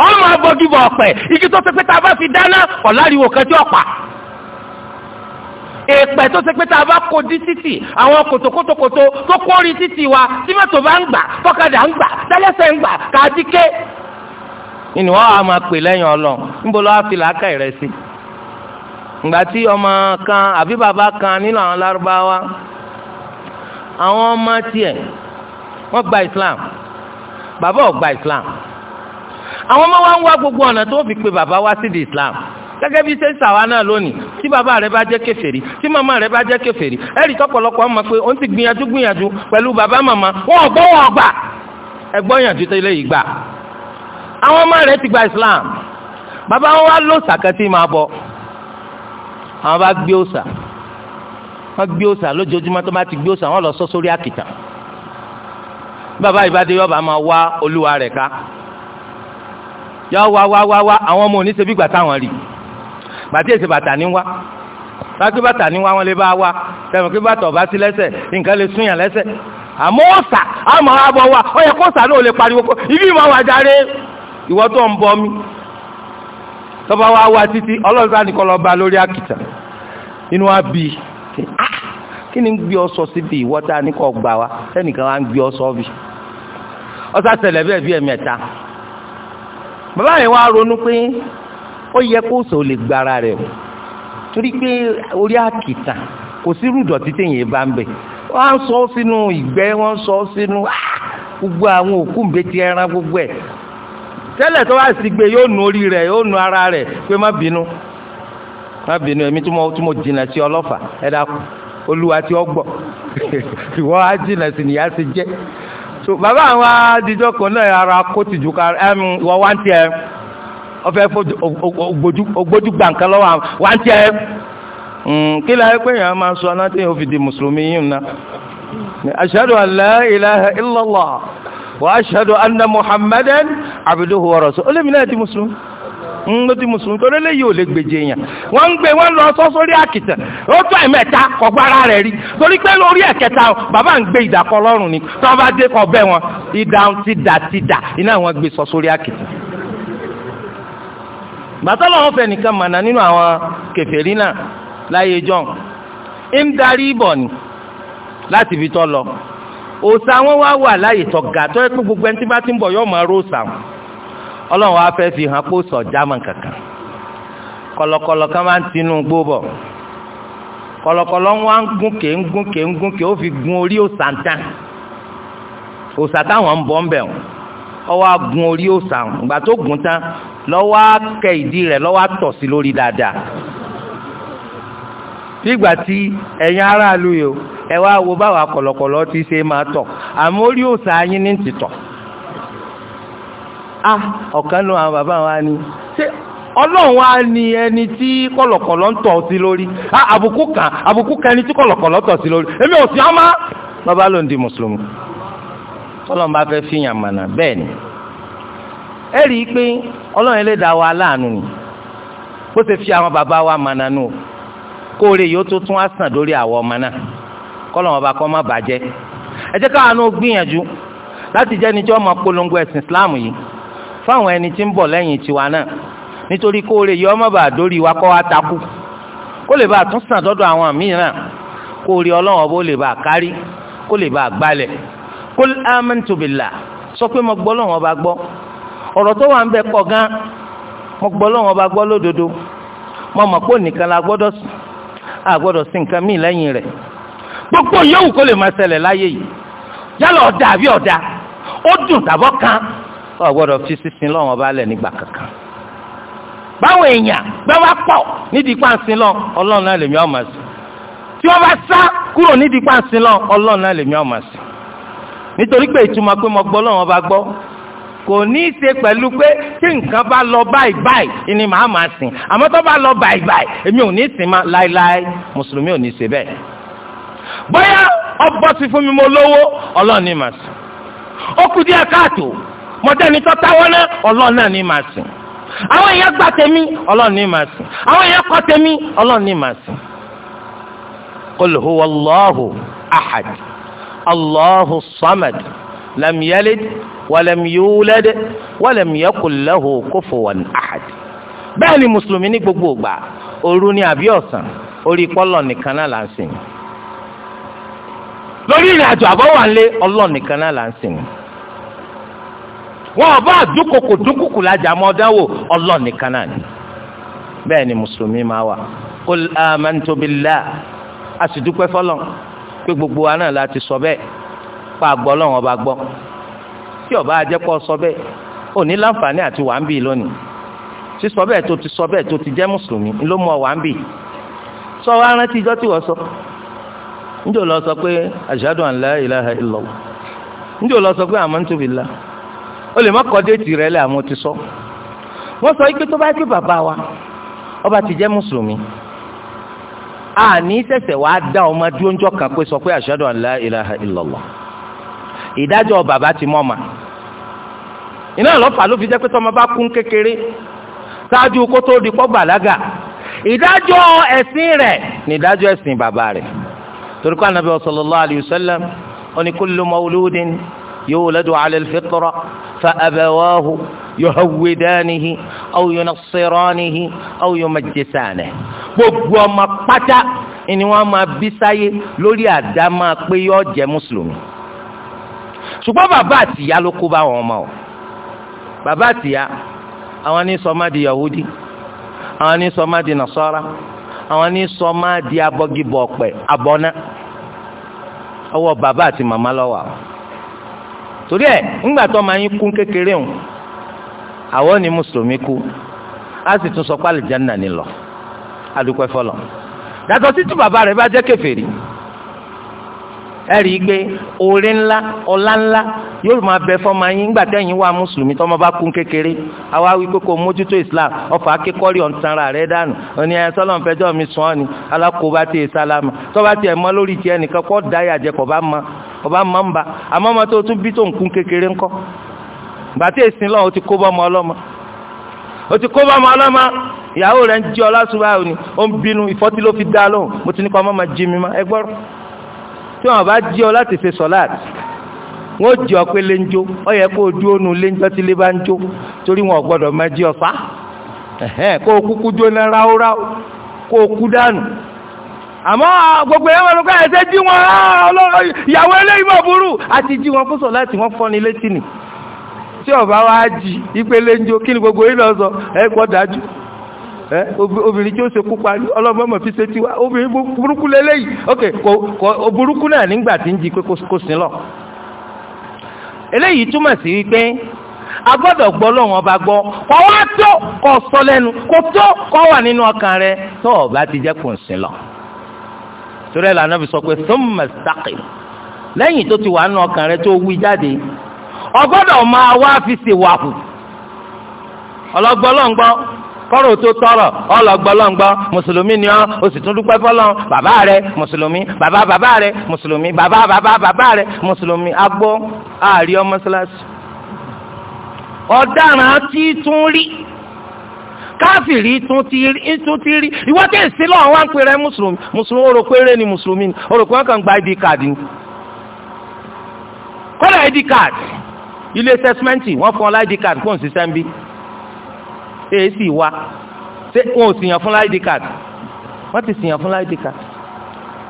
ọmọ abọ́gibọ ọ̀pẹ igi tó ṣe pé tá a bá fi dáná ọ̀làríwò kẹjọ ọ̀pá èèpẹ̀ tó ṣe pé tá a bá kó dí títì àwọn kòtòkótòkòtò tó kórìí títì wa tí mọ́tò bá ń gbà tọ́kadà ń gbà tẹ́lẹ́sẹ̀ ń gbà kàdíkẹ́ ìní wọn á máa pè lẹ́yìn ọlọ́run níbo lọ́wọ́ fi làákà rẹ̀ sí. ìgbà tí ọmọ kan àbí bàbá kan nínú àwọn lárúbáwá àwọn ọmọ tiẹ̀ wọ́n gba Islam bàbá ò gba Islam àwọn ọmọ wa ń wá gbogbo ọ̀nà tó fi pe bàbá wá sí di Islam gẹ́gẹ́ bí sẹ́ńsà wa náà lónìí tí bàbá rẹ bá jẹ́ kèfèrí tí màmá rẹ bá jẹ́ kèfèrí ẹ̀rí tọ́pọ̀lọpọ̀ ọmọ pé ó ń ti gbìyànjú gbìyànjú pẹ̀lú bàbá màmá wọn ò gbọ́ wọn ọgbà ẹ̀gbọ́n yànjú tẹ́lẹ̀ yìí gbà àwọn ọmọ rẹ̀ ti gba islam bàbá wọn wá lọ sàkẹ́tì máa bọ̀ àwọn bá gbé òòsà wọn gbé òòsà lójoojúmọ́ tó bá ti gbé òòsà wọn lọ sọ sórí àkìtàn bàbá ìbádé yọba máa wá olúwa rẹ̀ ká yọ wá wá wá wá àwọn ọmọ òní ṣe bí gbàtà wọn rí bàtí èsì bàtà ní wá bàtí bàtà ní wá wọn lè bá wá sẹ́wọ̀n kí bàtà ọ̀bá sí lẹ́sẹ̀ nǹkan lè súnyàn lẹ́sẹ̀ àmọ́ ọ̀sà àmọ́ àbọ̀ wa ọ̀yẹ̀kọ́sà náà lè pariwo kó ibi ìmọ̀ wàjà rẹ̀ ìwọ tó ń bọ mi tọ́ba wa wá títí ọlọ́sàn nìkan lọ bá lórí àkìtà inú wa bí ah, kí ni ń gbé ọsọ síbi ìwọ tá a ní kọ gbà wá sẹ́nìkan wa ń gbé ọsọ bí ọsà tẹ̀lẹ̀ bẹ́ẹ̀ bí ẹ̀mẹ́ta bàbá yẹn wá ronú pé ó yẹ kó sọ lè gbára rẹ̀ o torí pé orí àkìtà kò sí rúdọ̀ títí yẹn bá ń bẹ̀ wọ́n á sọ sínú ìgbẹ́ wọ́n sọ sínú ah, gbogbo àwọn òkú ń bẹ ti ẹran gbogbo ẹ̀ tẹ́lẹ̀ tó wá sí gbé yóò nu orí rẹ̀ yóò nu ara rẹ̀ pé má bínú má bínú tí mo sí ọlọ́fà olúwa tí [laughs] ti jẹ́ so bàbá àwọn adijọ́ kan náà ara kó tìjú ká ẹm ìwọ wá ń tiẹ̀ ọfẹ ògbójú gbà lọ́wọ́ àwọn wá ń tiẹ̀ hmm, kí pé máa sọ náà di mùsùlùmí yìí وأشهد أن محمدا عبده ورسوله ó lé mi náà di mùsùlùmí ló ti mùsùlùmí torí léyìí ò lè gbèjè èèyàn wọ́n ń gbé wọ́n lọ sọ sórí àkìtàn ó tó ẹ̀mẹ́ta kọ gbára rẹ̀ rí torí pé lórí ẹ̀kẹta bàbá ń gbé ìdàkọ lọ́rùn ni tó bá dé kọ bẹ́ wọn ìdá tìdà tìdà iná wọn gbé sọ sórí àkìtàn. bàtà lọ́wọ́ fẹ́ nìkan mànà nínú àwọn kèfèrí náà láyé john ń darí ibọ̀ ni láti fi tọ́ lọ òòṣà wọn wá wà láyè tọ̀gà tó yẹ pé gbogbo ẹni tí bá ti ń bọ̀ yóò máa ró òòṣà wọn ọlọ́run wá fẹ́ fi hàn pé ó sọ jámà kankan kọ̀lọ̀kọ̀lọ̀ kan máa ń tinú gbó bọ̀ kọ̀lọ̀kọ̀lọ̀ ń wá ń gúnkè ń gúnkè ń gúnkè ó fi gun orí òòṣà ń tán òòṣà táwọn ń bọ̀ ń bẹ̀ wọn ọwọ́ agun orí òòṣà ìgbà tó gùn tán lọ́wọ́ akẹ ìdí rẹ̀ lọ́wọ́ atọ̀ sí lórí dáadáa bí tí ẹ̀yin aráàlú yìí ẹ wá wo báwa kọlọkọlọ ti ṣe máa tọ àmọ́ orí òòsà yín ní ti a ah, ọ̀kan nu àwọn bàbá wa ni ṣé ọlọ́run wa ni ẹni tí kọlọkọlọ ń tọ̀ sí lórí a ah, àbùkù kan àbùkù kan ẹni tí kọlọkọlọ tọ̀ sí lórí èmi ò sí ọmọ bàbá ló ń di mùsùlùmí ọlọ́run bá fẹ́ mọ̀nà bẹ́ẹ̀ ni ẹ rí i pé ọlọ́run wa láàánú ni bó ṣe fi àwọn bàbá wa mọ̀nà nù kóore yóò tó tún á lórí àwọn ọmọ náà kọ́lọ̀ wọn bá kọ́ má bàjẹ́ ẹ jẹ́ káwọn náà gbìyànjú láti jẹ́ ẹni tí wọ́n máa polongo ẹ̀sìn Islam yìí fáwọn ẹni tí ń bọ̀ lẹ́yìn tiwa náà nítorí kó lè yọ ọmọ bá dórí wa kọ́ wa takú kó lè bá tún sàn dọ́dọ̀ àwọn mìíràn kó rí ọlọ́wọ́n bó lè bá kárí kó lè bá gbalẹ̀ kul amantu billah sọ pé mo gbọ́ lọ́wọ́n bá gbọ́ ọ̀rọ̀ tó wà ń bẹ pọ̀ gan mo gbọ́ lọ́wọ́n bá gbọ́ lódodo mo mọ̀ pé nìkan la gbọ́dọ̀ sìn nǹkan míì lẹ́yìn rẹ̀ gbogbo yòówù kó lè máa ṣẹlẹ̀ láyé yìí yálà ọ̀dà àbí ọ̀dà ó dùn tàbọ̀ kan ọ̀ gbọ́dọ̀ fi sísin lọ́wọ́ bá lẹ̀ nígbà kankan báwọn èèyàn bá wá pọ̀ nídìí pàǹsìn lọ ọlọ́run náà lèmi ọmọ sí tí wọ́n bá sá kúrò nídìí pàǹsìn lọ ọlọ́run náà lèmi ọmọ sí nítorí pé ìtumọ̀ pé mo gbọ́ lọ́wọ́ bá gbọ́ kò ní í ṣe pẹ̀lú pé tí nǹkan bá lọ báyìí báyìí ni màá máa sìn àmọ́ tó bá lọ báyìí báyìí èmi ò ní sìn má láéláé mùsùlùmí ò ní ṣe bẹ́ẹ̀ bóyá ọbọ̀ sí fún mi mo lówó ọlọ́run ní màá sìn ó kù díẹ̀ káàtó mọ̀tẹ́ni tó táwọn náà ọlọ́run náà ní màá sìn àwọn èèyàn gba tèmi ọlọ́run ní màá sìn àwọn èèyàn kọ̀ tèmi ọlọ́run ní màá sìn. qul huwa ahad allahu samad lam yalid walam yulad ahad. bẹ́ẹ̀ ni mùsùlùmí ní gbogbo ìgbà òru ni àbí ọ̀sán orí pọ́lọ̀ nìkan náà là ń sìn lórí ìrìn àjò àbọ̀wálé ọlọ́run nìkan náà là ń sìn wọn ọba àdúkòkò dúkùkù lájà mọ́ dánwò ọlọ́run náà ni bẹ́ẹ̀ ni mùsùlùmí máa wà qul amantu billah a sì dúpẹ́ fọlọ́ pé gbogbo wa náà láti sọ bẹ́ẹ̀ pa àgbọ̀ ọlọ́run ọba gbọ́ tí ọba ajẹ́kọ́ sọ bẹ́ẹ̀ ò ní láǹfààní àti wà ń bì lónìí sísọ bẹ́ẹ̀ tó ti sọ bẹ́ẹ̀ tó ti jẹ́ mùsùlùmí ló mú wà ń bì sọ wa rántí ijọ́ tí wọ́n sọ. So njẹ́ o sọ pé ashadu an la ilaha illallah njẹ́ sọ pé amantu billah o lè má kọ́ rẹ lẹ́ àmọ́ ti sọ wọ́n sọ tó bá wa ọba ti jẹ́ mùsùlùmí àní sẹ̀sẹ̀ wàá dá ọmọ dúró pé sọ pé ashadu an la ilaha ti mọ ma iná ló fi pé bá kún kékeré ṣáájú di toriko anabi sallallahu alayhi wa sallam oni kullu mawludin yuladu ala alfitra fa abawahu yuhawidanihi aw yunassiranihi aw yumajjisanihi gbogbo ọmọ pátá ni wọ́n máa bí sáyé lórí àdámà pé yóò jẹ́ mùsùlùmí ṣùgbọ́n bàbá àtìyá ló kó bá wọn ọmọ o bàbá àtìyá àwọn ní sọmá yahudi àwọn ní sọmá nasara. àwọn ní sọ máa di abọ́gibọ̀ ọ̀pẹ abọ́ná ọwọ́ bàbá àti màmá lọ́wọ́ àwọn torí ẹ̀ ńgbà tó máa yín kún kékeré ń àwọn ní mùsùlùmí kú a sì tún sọ pé àlìjáná ni lọ adúpẹ́ fọlọ́ yàtọ̀ bàbá rẹ̀ bá jẹ́ kèfèrí. ẹ rí i pé oore ńlá ọlá ńlá yóò máa bẹ fọmọ yín nígbà tẹ́yìn wà mùsùlùmí tọ́mọ bá kún kékeré àwa wí pé mójútó islam ọfà akékọ́rí ọ̀ǹtanra rẹ̀ dànù òní ẹ̀ sọ́lọ́n fẹjọ́ mi sùn ọ́ ni alákòóbá tiẹ̀ sálámà tọ́ba tiẹ̀ mọ́ lórí tiẹ̀ nìkan kọ́ dáyà jẹ kọ́ bá mọ́ kọ́ bá mọ́ ń ba àmọ́ ọmọ tó tún bí tó ń kún kékeré ńkọ́ gbàtí èsì ti kó bọ́mọ ni ó ń bínú ìfọ́tí tí wọ́n bá jí ọ láti fi sọ̀láàtì wọ́n jí ọ pé léńjó ọ yẹ kó o nu tí lé bá ń jó torí wọn gbọ́dọ̀ máa jí ọ fa kó kúkú jóná ráúráú kó kú dànù àmọ́ gbogbo ẹ̀wọ̀n ló ká ẹ̀ṣẹ́ wọn ah, ìyàwó eléyìí mọ̀ wọn láti ọba jí ipe gbogbo yìí lọ sọ obìnrin tí ó ṣe kú parí ọlọ́mọ mọ̀ fi ṣe tiwa obìnrin burúkú lélẹ́yìí ok kò burúkú náà nígbà tí ń di pé kó sin lọ. eléyìí túmọ̀ sí wípé a gbọ́dọ̀ gbọ́ lọ́wọ́n ọba gbọ́ kọ́ wá tó kọ́ sọ lẹ́nu kó tó kọ́ wà nínú ọkàn rẹ tó ọba ti jẹ́ kó ń lọ. torí ẹ̀ lànà fi sọ pé lẹ́yìn tó ti wà nínú ọkàn rẹ tó wí jáde ọgbọ́dọ̀ máa wá fi ṣèwà kọ́rọ̀ tó tọrọ ọlọgbọlọgbọ mùsùlùmí ni ọ́ o sì tún dúpẹ́ fọlọ́n bàbá rẹ mùsùlùmí bàbá bàbá rẹ mùsùlùmí bàbá bàbá bàbá rẹ mùsùlùmí agbó àárí ọmọ ọ̀daràn tí tún rí káfìrí tún ti rí ìwọ́n tẹ̀ sí lọ́wọ́ wá ń pè mùsùlùmí mùsùlùmí o rò pé eré ni mùsùlùmí ni o rò pé wọ́n kàn gba id card ni kọ́lá id card ilé sẹ́símẹ́ǹtì wọ́n fún ọ láì id card kó èyí sì wá ṣé wọn ò sìyàn fún láìdí card wọ́n ti sìyàn fún láìdí card.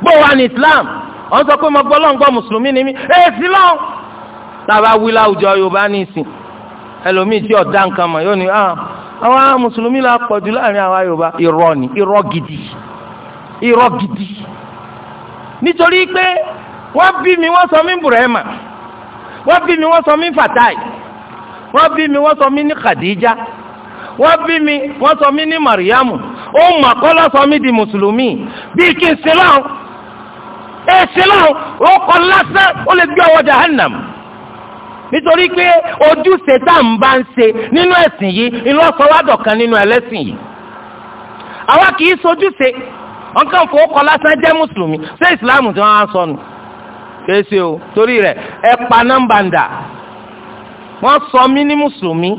bó wà ní Islam wọ́n sọ pé mo gbọ́ lọ́ngbọ́ mùsùlùmí ni mí èyí sì lọ́n. tábà wí láwùjọ Yorùbá ní ìsìn ẹlòmíì tí ọ̀dá nǹkan mọ̀ yóò ní ah, àwọn mùsùlùmí la pọ̀ jù láàrin àwọn Yorùbá irọ́ ni irọ́ gidi irọ́ gidi nítorí pé wọ́n bí mi wọ́n sọ mí bùrẹ́mà wọ́n bí mi wọ́n sọ mí fatai wọ́n bí mi wọ́n sọ mí ní Khadija wọ́n bí mi wọ́n sọ mí ní mariamu ó mà kọ́lá sọ mí di mùsùlùmí bíi kí n sin lọ́hùn ẹ sin lọ́hùn ó kọ́ lásán ó lè gbé ọwọ́ jahannam nítorí pé ojúṣe tá à bá ń ṣe nínú ẹ̀sìn yìí kan nínú ẹlẹ́sìn yìí àwa kì í sojúṣe ọ̀kan fòókọ lásán jẹ́ mùsùlùmí ṣé islam ti wọ́n á sọnù o torí rẹ̀ ẹ pa sọ mí ní mùsùlùmí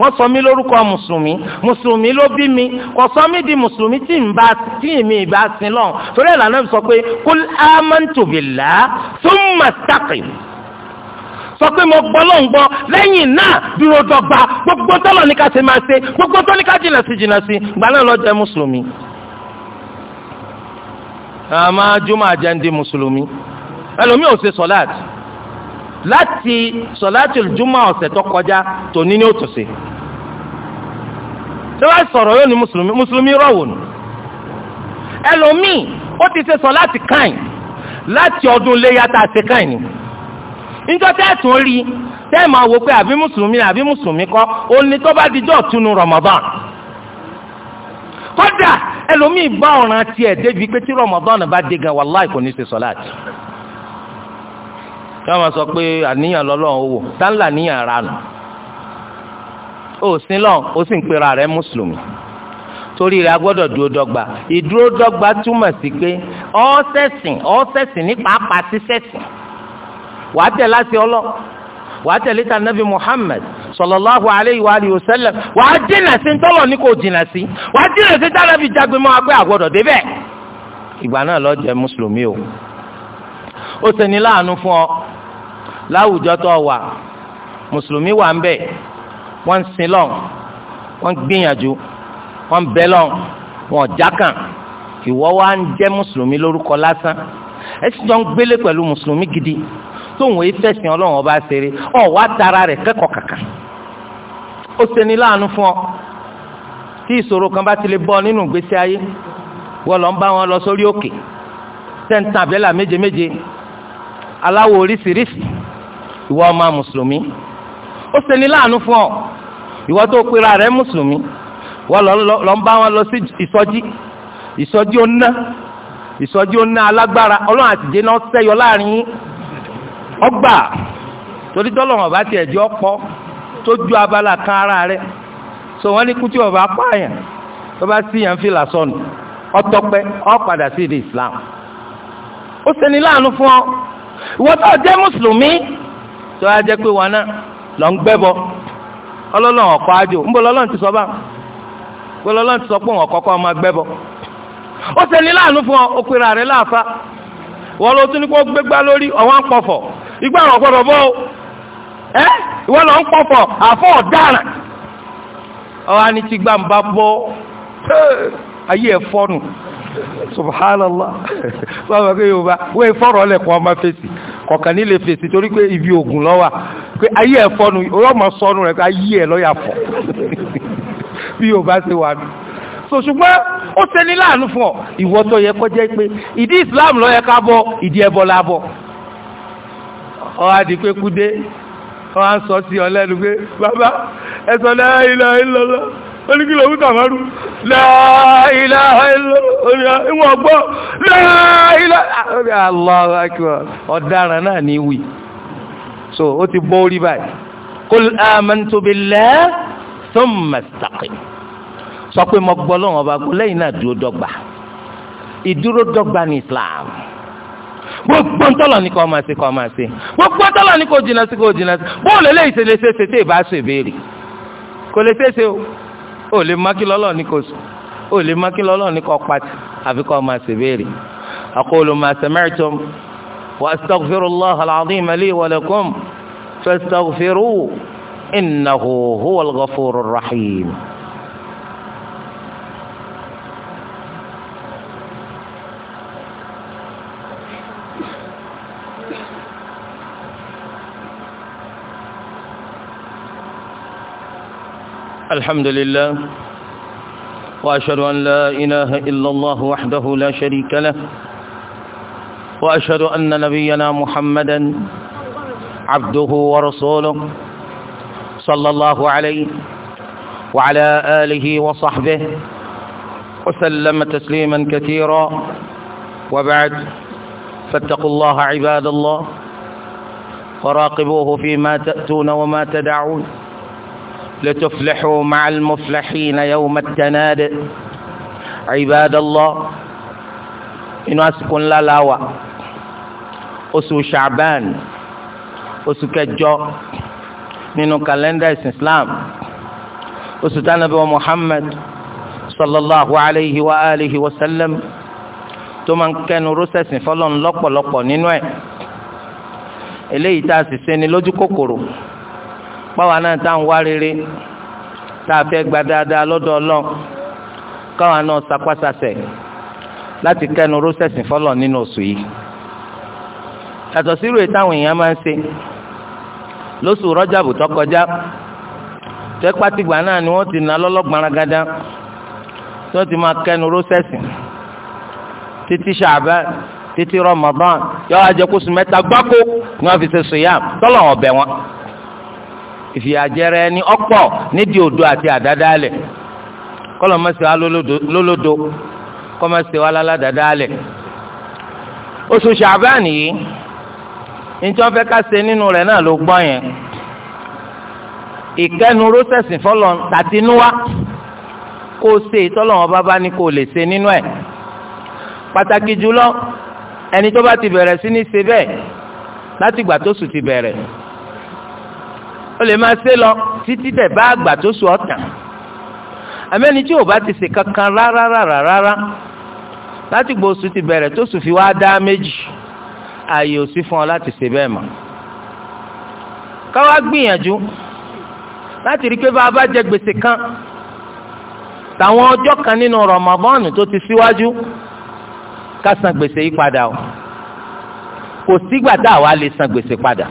wọ́n sọ mí lórúkọ mùsùlùmí mùsùlùmí ló bí mi kò sọ mí di mùsùlùmí tí ń bá tí mi ìbá sin lọ torí ẹ̀ lànà sọ pé kul amantu billah thumma istaqim sọ pé mo gbọ́ ló ń gbọ́ lẹ́yìn náà dúró dọ́gba gbogbo tọ́lọ̀ ní ká ṣe máa ṣe gbogbo tọ́lọ̀ ní ká jìnà sí jìnà sí gbà náà lọ́jọ́ mùsùlùmí. àmọ́ jùmọ̀ àjẹ́ ń di mùsùlùmí ẹlòmíì ò ṣe sọ́láàtì láti sọ̀láàtì ìjùmọ̀ ọ̀sẹ̀ tó kọjá tòní ní òtòsí tí wọ́n sọ̀rọ̀ yóò ní mùsùlùmí mùsùlùmí rọ̀wò nù ẹlòmíì ó ti ṣe sọ̀láàtì káìn láti ọdún léyà tá a ṣe káìn ni níjọ́ tẹ́ẹ̀tún rí tẹ́ẹ̀ máa wo pé àbí mùsùlùmí àbí mùsùlùmí kọ́ ó tó bá dijọ́ túnú Ramadan kódà ẹlòmíì bá ọ̀ràn tiẹ̀ débi pé tí Ramadan bá dé gan wàláì yóò máa sọ pé àníyàn lọ́lọ́run ó wò tá ńlá níyàn ara nù ó sin lọ́n ó sì ń pera rẹ̀ mùsùlùmí torí rẹ̀ a gbọ́dọ̀ dúró dọ́gba ìdúró dọ́gba túmọ̀ sí pé ọ́ sẹ̀sìn ọ́ sẹ̀sìn ní pàápàá sí sẹ̀sìn wàá tẹ̀ láti ọlọ́ wàá tẹ̀lé ta nabi muhammed sallallahu alayhi wa alihi wa sallam wàá jìnà sí ntọ́lọ̀ ní kò jìnà sí wàá jìnà sí tànàbí jagbemọ́ agbé àgbọ̀dọ̀ débẹ̀. ìgbà náà lọ jẹ mùsùlùmí o ó ṣeni láàánú fún ọ láwùjọ tó wà mùsùlùmí wà ń bẹ wọ́n ń sin lọ́n wọ́n ń gbìyànjú wọ́n ń bẹ lọ́n wọ́n jákàn ìwọ wa ń jẹ́ mùsùlùmí lórúkọ lásán ẹ sì jọ gbélé pẹ̀lú mùsùlùmí gidi tóun èyí fẹ̀sìn ọlọ́run ọba ṣeré ọ̀ wá tara rẹ̀ kẹ́kọ̀ọ́ kàkà ó ṣeni láàánú fún ọ tí ìṣòro kan bá ti lè bọ́ nínú ìgbésí ayé wọ́n lọ ń bá wọn lọ sórí òkè tẹ́ǹtà àbẹ́là méje méje oríṣiríṣi ìwọ ọmọ mùsùlùmí ó ṣeni láàánú fún ọ ìwọ tó pera rẹ mùsùlùmí wọ́n lọ ń bá wọn lọ sí ìsọjí ìsọjí oná ìsọjí oná alágbára ọlọ́run àtijọ́ náà sẹ́yọ láàrin ọgbà torí tọ́lọ́wọ̀n bá tiẹ̀ jọ pọ̀ tó ju abala kan ara rẹ̀ so wọ́n ní kútí ọba apáyàn tó bá sí yàn fìlà sọnù ọtọpẹ ọpadà sí ìdí Islam ó ṣeni láàánú fún ọ ìwọ tó jẹ́ mùsùlùmí tó yà jẹ́ pé wọn náà lọ ń gbẹ́bọ ọlọ́lọ́run ọ̀kọ́ àjò ń ti sọ bá pé lọ́lọ́run ti sọ pé òun ọ̀kọ́kọ́ gbẹ gbẹ́bọ ó ṣe fún ọ òpèrè rẹ láàfa wọn ló tún ní kó gbégbá lórí ọ ìwọ lọ ń pọ̀fọ̀ àfọ̀ ọ̀daràn gbà ń [laughs] kọ̀ọ̀kan nílé fèsì torí pé ibi ògùn lọ́wà pé ayé ẹ̀ fọ́nu ọlọ́mọ sọnù rẹ̀ pé ayé ẹ̀ lọ́yà fọ́ [laughs] bí o bá ṣe wà nù. so ṣùgbọ́n ó ṣeni láàánú fún ọ ìwọ tó yẹ kọjá pé ìdí Islam ló yẹ ká bọ ìdí ẹbọ la bọ ọ á di pé kúdé ọ á sọ sí ọ lẹ́nu pé bàbá ẹ sọ náà ìlà ìlọ́lọ́ oníkìlọ̀ wúta márùn láàílá ìwọ̀n gbọ́ láàílá Allahu akbar ọ̀daràn náà ní wì so ó ti bọ́ orí báyìí kul amantu billahi thumma istaqim sọ pé mo gbọ́ lọ́wọ́ ọba lẹ́yìn náà dúró dọ́gba ìdúró dọ́gba ní Islam gbogbo ntọ́lọ̀ ní kò máa ṣe kò máa ṣe gbogbo ntọ́lọ̀ ní kò jìnnà sí kò jìnnà sí bóòlù eléyìí ṣe lè ṣe ṣe tẹ́ ìbá ṣe ìbéèrè kò lè ṣe ṣe o ó lè má kí lọ́lọ́ ní kò sùn ó lè má kí lọ́lọ́ ní kò pàtì àfi kò máa ṣèbéèrè. aqulu ma sami'tum wa astaghfirullaha al-azim li wa lakum fastaghfiruhu innahu huwal ghafurur rahim. الحمد لله وأشهد أن لا إله إلا الله وحده لا شريك له وأشهد أن نبينا محمدا عبده ورسوله صلى الله عليه وعلى آله وصحبه وسلم تسليما كثيرا وبعد فاتقوا الله عباد الله وراقبوه فيما تأتون وما تدعون لتفلحوا مع المفلحين يوم التناد عباد الله inú àsìkò ńlá la wà oṣù ṣàbán oṣù kẹjọ nínú kàlẹ́ndà ìsìn islam oṣù tánàbí wa muhammad sallallahu alayhi wa alihi wa sallam tó máa ń kẹnu rọ́sẹ̀sìn fọlọ́n lọ́pọ̀lọpọ̀ nínú ẹ̀ eléyìí tá a sì ṣe ni lójú kòkòrò páwa náà tá à ń wá rere tá a fẹ́ gba dáadáa lọ́dọ̀ ọlọ́run káwa náà sapásasẹ̀ láti kẹ́nu rósẹ̀sì fọlọ̀ nínú oṣù yìí yàtọ̀ sírò ìtàwọn èèyàn máa ń ṣe lóṣù rọ́jàbù tó kọjá tẹ́pátìgbà náà ni wọ́n ti ná lọ́lọ́gbaragada tí wọ́n ti máa kẹ́nu rósẹ̀sì títí ṣàbẹ́ títí rọmọdán yọ àjẹkùsùn mẹ́ta gbáko ni wọ́n fi ṣe sùyàm tọ́lọ̀ ọ̀bẹ wọn ìfìyàjẹrẹ ẹni ọ̀pọ̀ nídìí òdo àti àdádálẹ̀ kọlọ mọ sí wa lólódo kọ mọ sí wa láládàádálẹ̀ oṣù ṣàbáàní yìí nítorí wọn fẹ́ ká ṣe nínú rẹ̀ náà ló gbọ́ yẹn ìkẹnu rósẹsì fọlọ tàtinúwá kó o ṣe ìtọ́lọ́wọ́n bá bá ní kó o lè ṣe nínú ẹ̀ pàtàkì jùlọ ẹni tó bá ti bẹ̀rẹ̀ sí ní ṣe bẹ́ẹ̀ láti ìgbà tó sùn ti bẹ̀rẹ̀ ó lè máa ṣe lọ títí tẹ̀ bá àgbà tó sùn ọ̀tàn àmẹ́ni tí ò bá ti ṣe kankan rárá rárá rárá láti gbọ́ oṣù ti bẹ̀rẹ̀ tó sùn fi wá dá méjì ààyè ò sí fún ọ láti ṣe bẹ́ẹ̀ mọ́ káwá gbìyànjú láti rí pé bá a bá jẹ gbèsè kan tàwọn ọjọ́ kan nínú rọ̀mọ̀bọ́ọ̀nù tó ti síwájú ká san gbèsè yìí padà o kò sígbà tá a wá lè san gbèsè padà.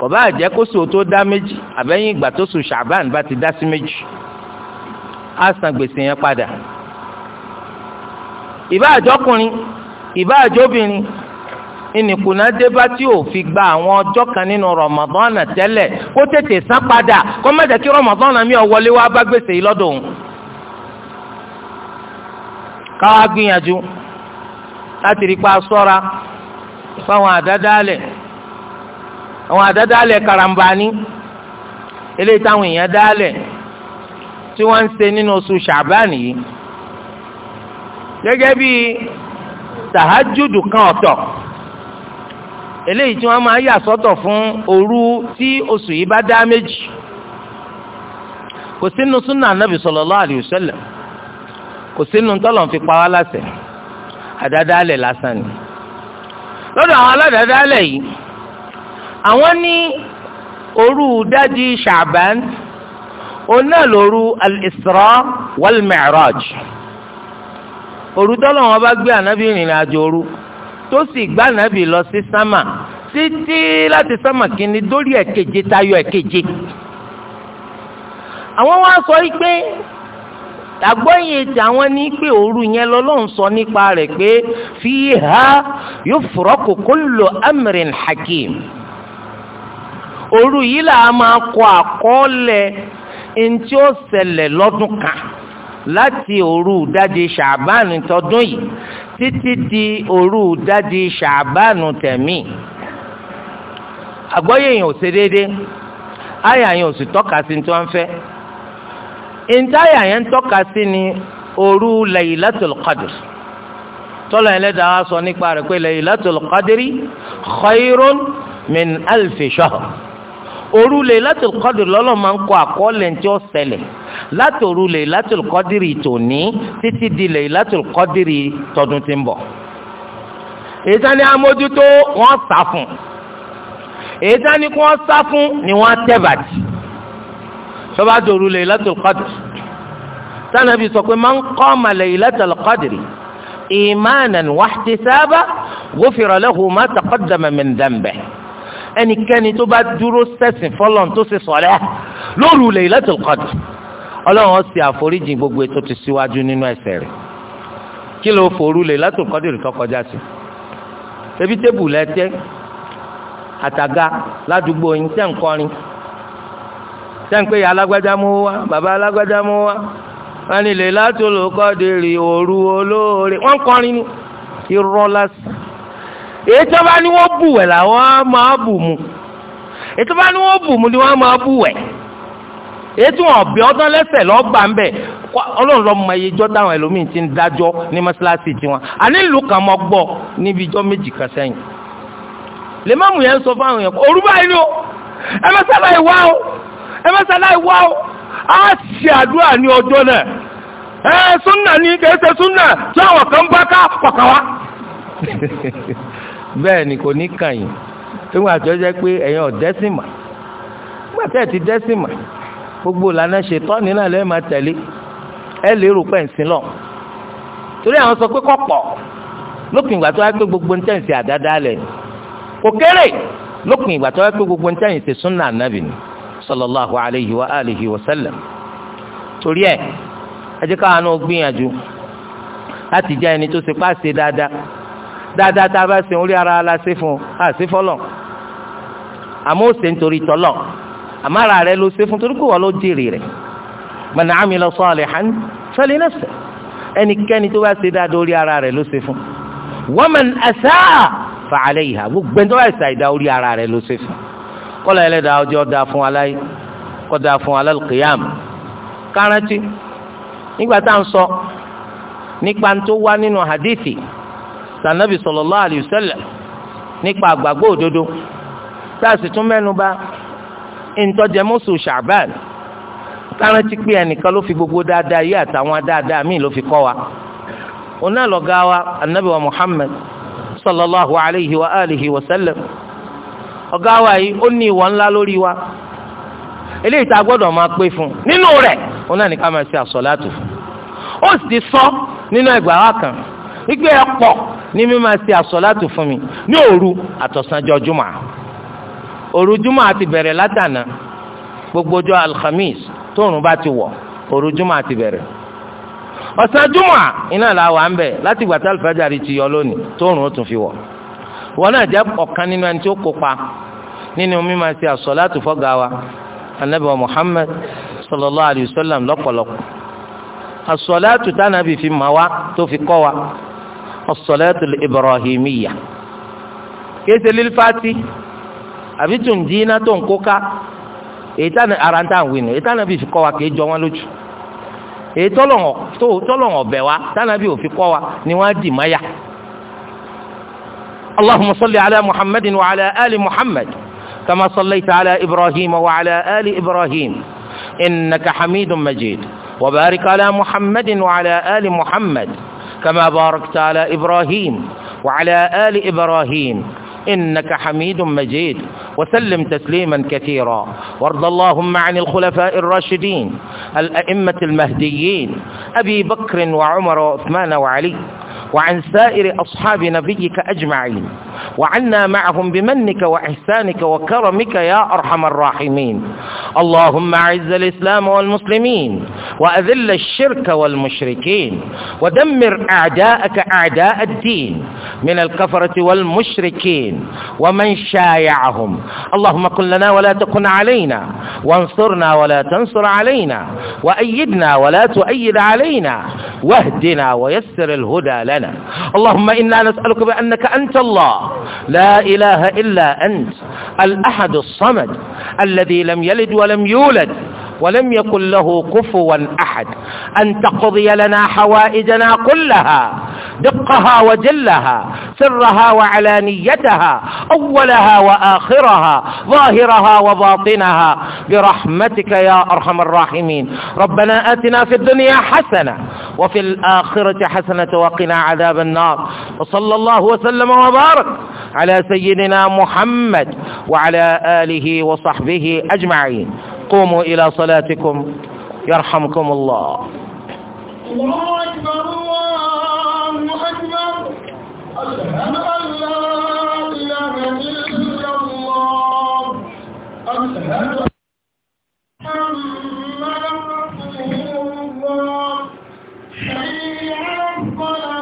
kọba àjẹ kó tó dá méjì àbẹ́yìn ìgbà tó sùn bá ti dá sí méjì á san gbèsè yẹn padà ìbá àjọkùnrin ìbá àjọbìnrin ìnìkùnà fi gba àwọn ọjọ́ kan nínú rọmọdọ́nà tẹ́lẹ̀ kó san padà kó má jẹ́ kí mi ò wọlé wá bá gbèsè yìí lọ́dọ̀ òun káwá gbìyànjú láti rí pa sọ́ra fáwọn àwọn àdádálẹ̀ karambani eléyìí táwọn èèyàn dálẹ̀ tí wọ́n ń ṣe nínú oṣù ṣàbáàní yìí gẹ́gẹ́ bí tàhájúdù kan ọ̀tọ̀ eléyìí tí wọ́n máa yà sọ́tọ̀ fún oru tí oṣù yìí bá dá méjì kò sínú súnà anábì sallallahu alaihi kò sínú tọ́lọ̀ fi pa wá láṣẹ àdádálẹ̀ lásán ni lọ́dọ̀ àwọn aládàádálẹ̀ yìí àwọn ní òru dájí ṣàbán òun náà lóru al-Isra wal-Mi'raj òru tọ́lọ̀ wọn bá gbé ànábì rìnrìn àjò òru tó sì gbá ànábì lọ sí sámà títí láti sámà kínní dórí ẹ̀keje tayọ ẹ̀keje àwọn wá sọ yìí pé àgbọ́yé tàwọn ní pé òru yẹn lọ́lọ́run sọ nípa rẹ̀ pé fiha yufraku kullu amrin hakim òru yìí là á máa kọ àkọọ́lẹ̀ ntí ó ṣẹlẹ̀ lọ́dún kan láti òru ìdajì ṣàbánu tọdún yìí títí di òru ìdajì ṣàbánu tẹ̀mí àgbọ́yé yẹn ò ṣe déédéé àyà yẹn ò sì tọ́ka sí ní tí wọ́n fẹ́ ìntàyà yẹn ń tọ́ka sí ni òru Laylatul Qadr tọ́lọ̀ yẹn lẹ́dàá sọ nípa rẹ̀ pé Laylatul Qadri khayrun min alfi shahr orúlé Lailatul Qadr lọ́lọ́ máa ń kọ àkọọ́lẹ̀ tí ó ṣẹlẹ̀ láti orúlé Lailatul Qadr tòní títí di Lailatul Qadr tọdún tí ń bọ̀. ìtàní amójútó wọ́n sá fún ìtàní kí wọ́n sá fún ni wọ́n tẹ́bàtì sọ́ba tó orúlé Lailatul Qadr sanabi sọ pé man qama Lailatul Qadr imanan wahtisaban ghufira lahu ma taqaddama min dhanbihi ẹnikẹ́ni tó bá dúró sẹ́sìn fọlọ́n tó ṣe sọ̀rẹ́ lóru Laylatul Qadr ọlọ́run ó ṣe àforíjì gbogbo ètò ti síwájú nínú ẹ̀ṣẹ̀ rẹ̀ kí ló forú Laylatul Qadr tó kọjá sí ebi tébù lẹ́tẹ́ àtàgà ládùúgbò yín tẹ́ ń kọrin tẹ́ ń pè ya alágbájá mú wa bàbá alágbájá mú wa wọn ni Laylatul Qadr òru olóore wọn kọrin ni èyí tó bá ní wọ́n bù wẹ̀ làwọn á máa bù mu èyí wọ́n bù mu ni wọ́n á máa bù wẹ̀ èyí tí ọdún lẹ́sẹ̀ lọ́gbà ń bẹ̀ ọlọ́run lọ́ọ́ mọ iyejọ́ táwọn ti ń dájọ́ ní mọ́ṣáláṣí tiwọn àní kan mọ́ gbọ́ níbi ijọ́ méjì kan sẹ́yìn lèmọ́mù yẹn sọ fáwọn yẹn o ẹ má sáláì wá o ẹ má sáláì wá o á ṣe àdúrà ní [laughs] bẹ́ẹ̀ ni kò ní kàn yín nígbà tó jẹ́ pé ẹ̀yàn ọ̀dẹ́sìmà nígbà ti dẹ́sìmà gbogbo ìlànà ṣètọ́ni náà lẹ́ẹ̀ máa tẹ̀lé ẹ lérò pẹ̀ lọ torí àwọn sọ pé kọ̀pọ̀ lópin gbogbo ń tẹ̀sí àdáadáa lẹ̀ kò kéré lópin ìgbà gbogbo ń tẹ̀sí súnà ànábì ni wa wa torí ẹ ẹ jẹ́ káwọn láti ẹni tó pàṣẹ dáadáa tá a bá ṣe orí ara la ṣe fún a ṣe fọlọ àmọ́ ó ṣe nítorí tọlọ àmọ́ ara rẹ ló ṣe fún torí kò wọ́n ló jèrè rẹ̀ man amila salihan fali nafsi ẹnikẹ́ni tó bá ṣe dáadáa orí ara rẹ ló ṣe fún wa man asaa fa alayha gbogbo ẹni tó bá ṣe àìdá orí ara rẹ ló ṣe fún kọ́lá ẹlẹ́dàá ọjọ́ da fún aláì kọ́dà fún alálùkìyàm kárántì nígbà tá à ń sọ nípa tó wá nínú hadithi. sànàbì sallallahu alayhi wa nipa nípa àgbàgbọ́ òdodo sáàsì tún mẹ́nuba ntọ́jẹmọ́sù ṣàbàn kárántí pé ẹnìkan ló fi gbogbo dáadáa yìí àtàwọn dáadáa míì ló fi kọ́ wa ọ̀nà lọ́gá wa anabi wa Muhammad sallallahu alayhi wa alihi wa sallam ọ̀gá wa yìí ó ní ìwà ńlá lórí wa eléyìí tá a gbọ́dọ̀ máa pé fún nínú rẹ̀ ọ̀nà ní máa ṣe fún ó sì sọ nínú ẹgbàá wa kan wípé ẹ ní mi máa ṣe àsọ̀látù fún mi ní òru àtọ̀sánjọ́ jùmọ̀ òru jùmọ̀ àti bẹ̀rẹ̀ látànà gbogbo alhamis tóòrùn bá ti wọ̀ òru jùmọ̀ àti bẹ̀rẹ̀ ọ̀sán jùmọ̀ iná làwọn à ń bẹ̀ láti gbàtà alfajari ti yọ lónìí tóòrùn ó tún fi wọ̀ wọn náà jẹ́ ọ̀kan nínú ẹni tí ó kópa nínú mi máa ṣe àsọ̀látù fọ́gà wa muhammad sallallahu alayhi wa sallam lọ́pọ̀lọpọ̀ àsọ̀látù tánàbì fi mà wá tó fi kọ́ wa. الصلاة الإبراهيمية كيف للفاتي أبي تنجينا تنكوكا إيتان أرانتان وينو إيتان أبي فكوا كي جوان لوج إيتولون تو تولون بوا تان أبي فكوا نواجي مايا اللهم صل على محمد وعلى آل محمد كما صليت على إبراهيم وعلى آل إبراهيم إنك حميد مجيد وبارك على محمد وعلى آل محمد كما باركت على إبراهيم وعلى آل إبراهيم إنك حميد مجيد وسلم تسليما كثيرا وارض اللهم عن الخلفاء الراشدين الأئمة المهديين أبي بكر وعمر وعثمان وعلي وعن سائر أصحاب نبيك أجمعين وعنا معهم بمنك وإحسانك وكرمك يا أرحم الراحمين اللهم أعز الإسلام والمسلمين وأذل الشرك والمشركين ودمر أعداءك أعداء الدين من الكفرة والمشركين ومن شايعهم اللهم كن لنا ولا تكن علينا وانصرنا ولا تنصر علينا وأيدنا ولا تؤيد علينا واهدنا ويسر الهدى لنا لنا اللهم إنا نسألك بأنك أنت الله لا إله إلا أنت الأحد الصمد الذي لم يلد ولم يولد ولم يكن له كفوا أحد أن تقضي لنا حوائجنا كلها دقها وجلها سرها وعلانيتها أولها وآخرها ظاهرها وباطنها برحمتك يا أرحم الراحمين ربنا آتنا في الدنيا حسنة وفي الآخرة حسنة وقنا عذاب النار وصلى الله وسلم وبارك على سيدنا محمد وعلى آله وصحبه أجمعين قوموا إلى صلاتكم يرحمكم الله الله أكبر الله أكبر أشهد أن لا إله إلا الله أشهد محمدا رسول الله حي على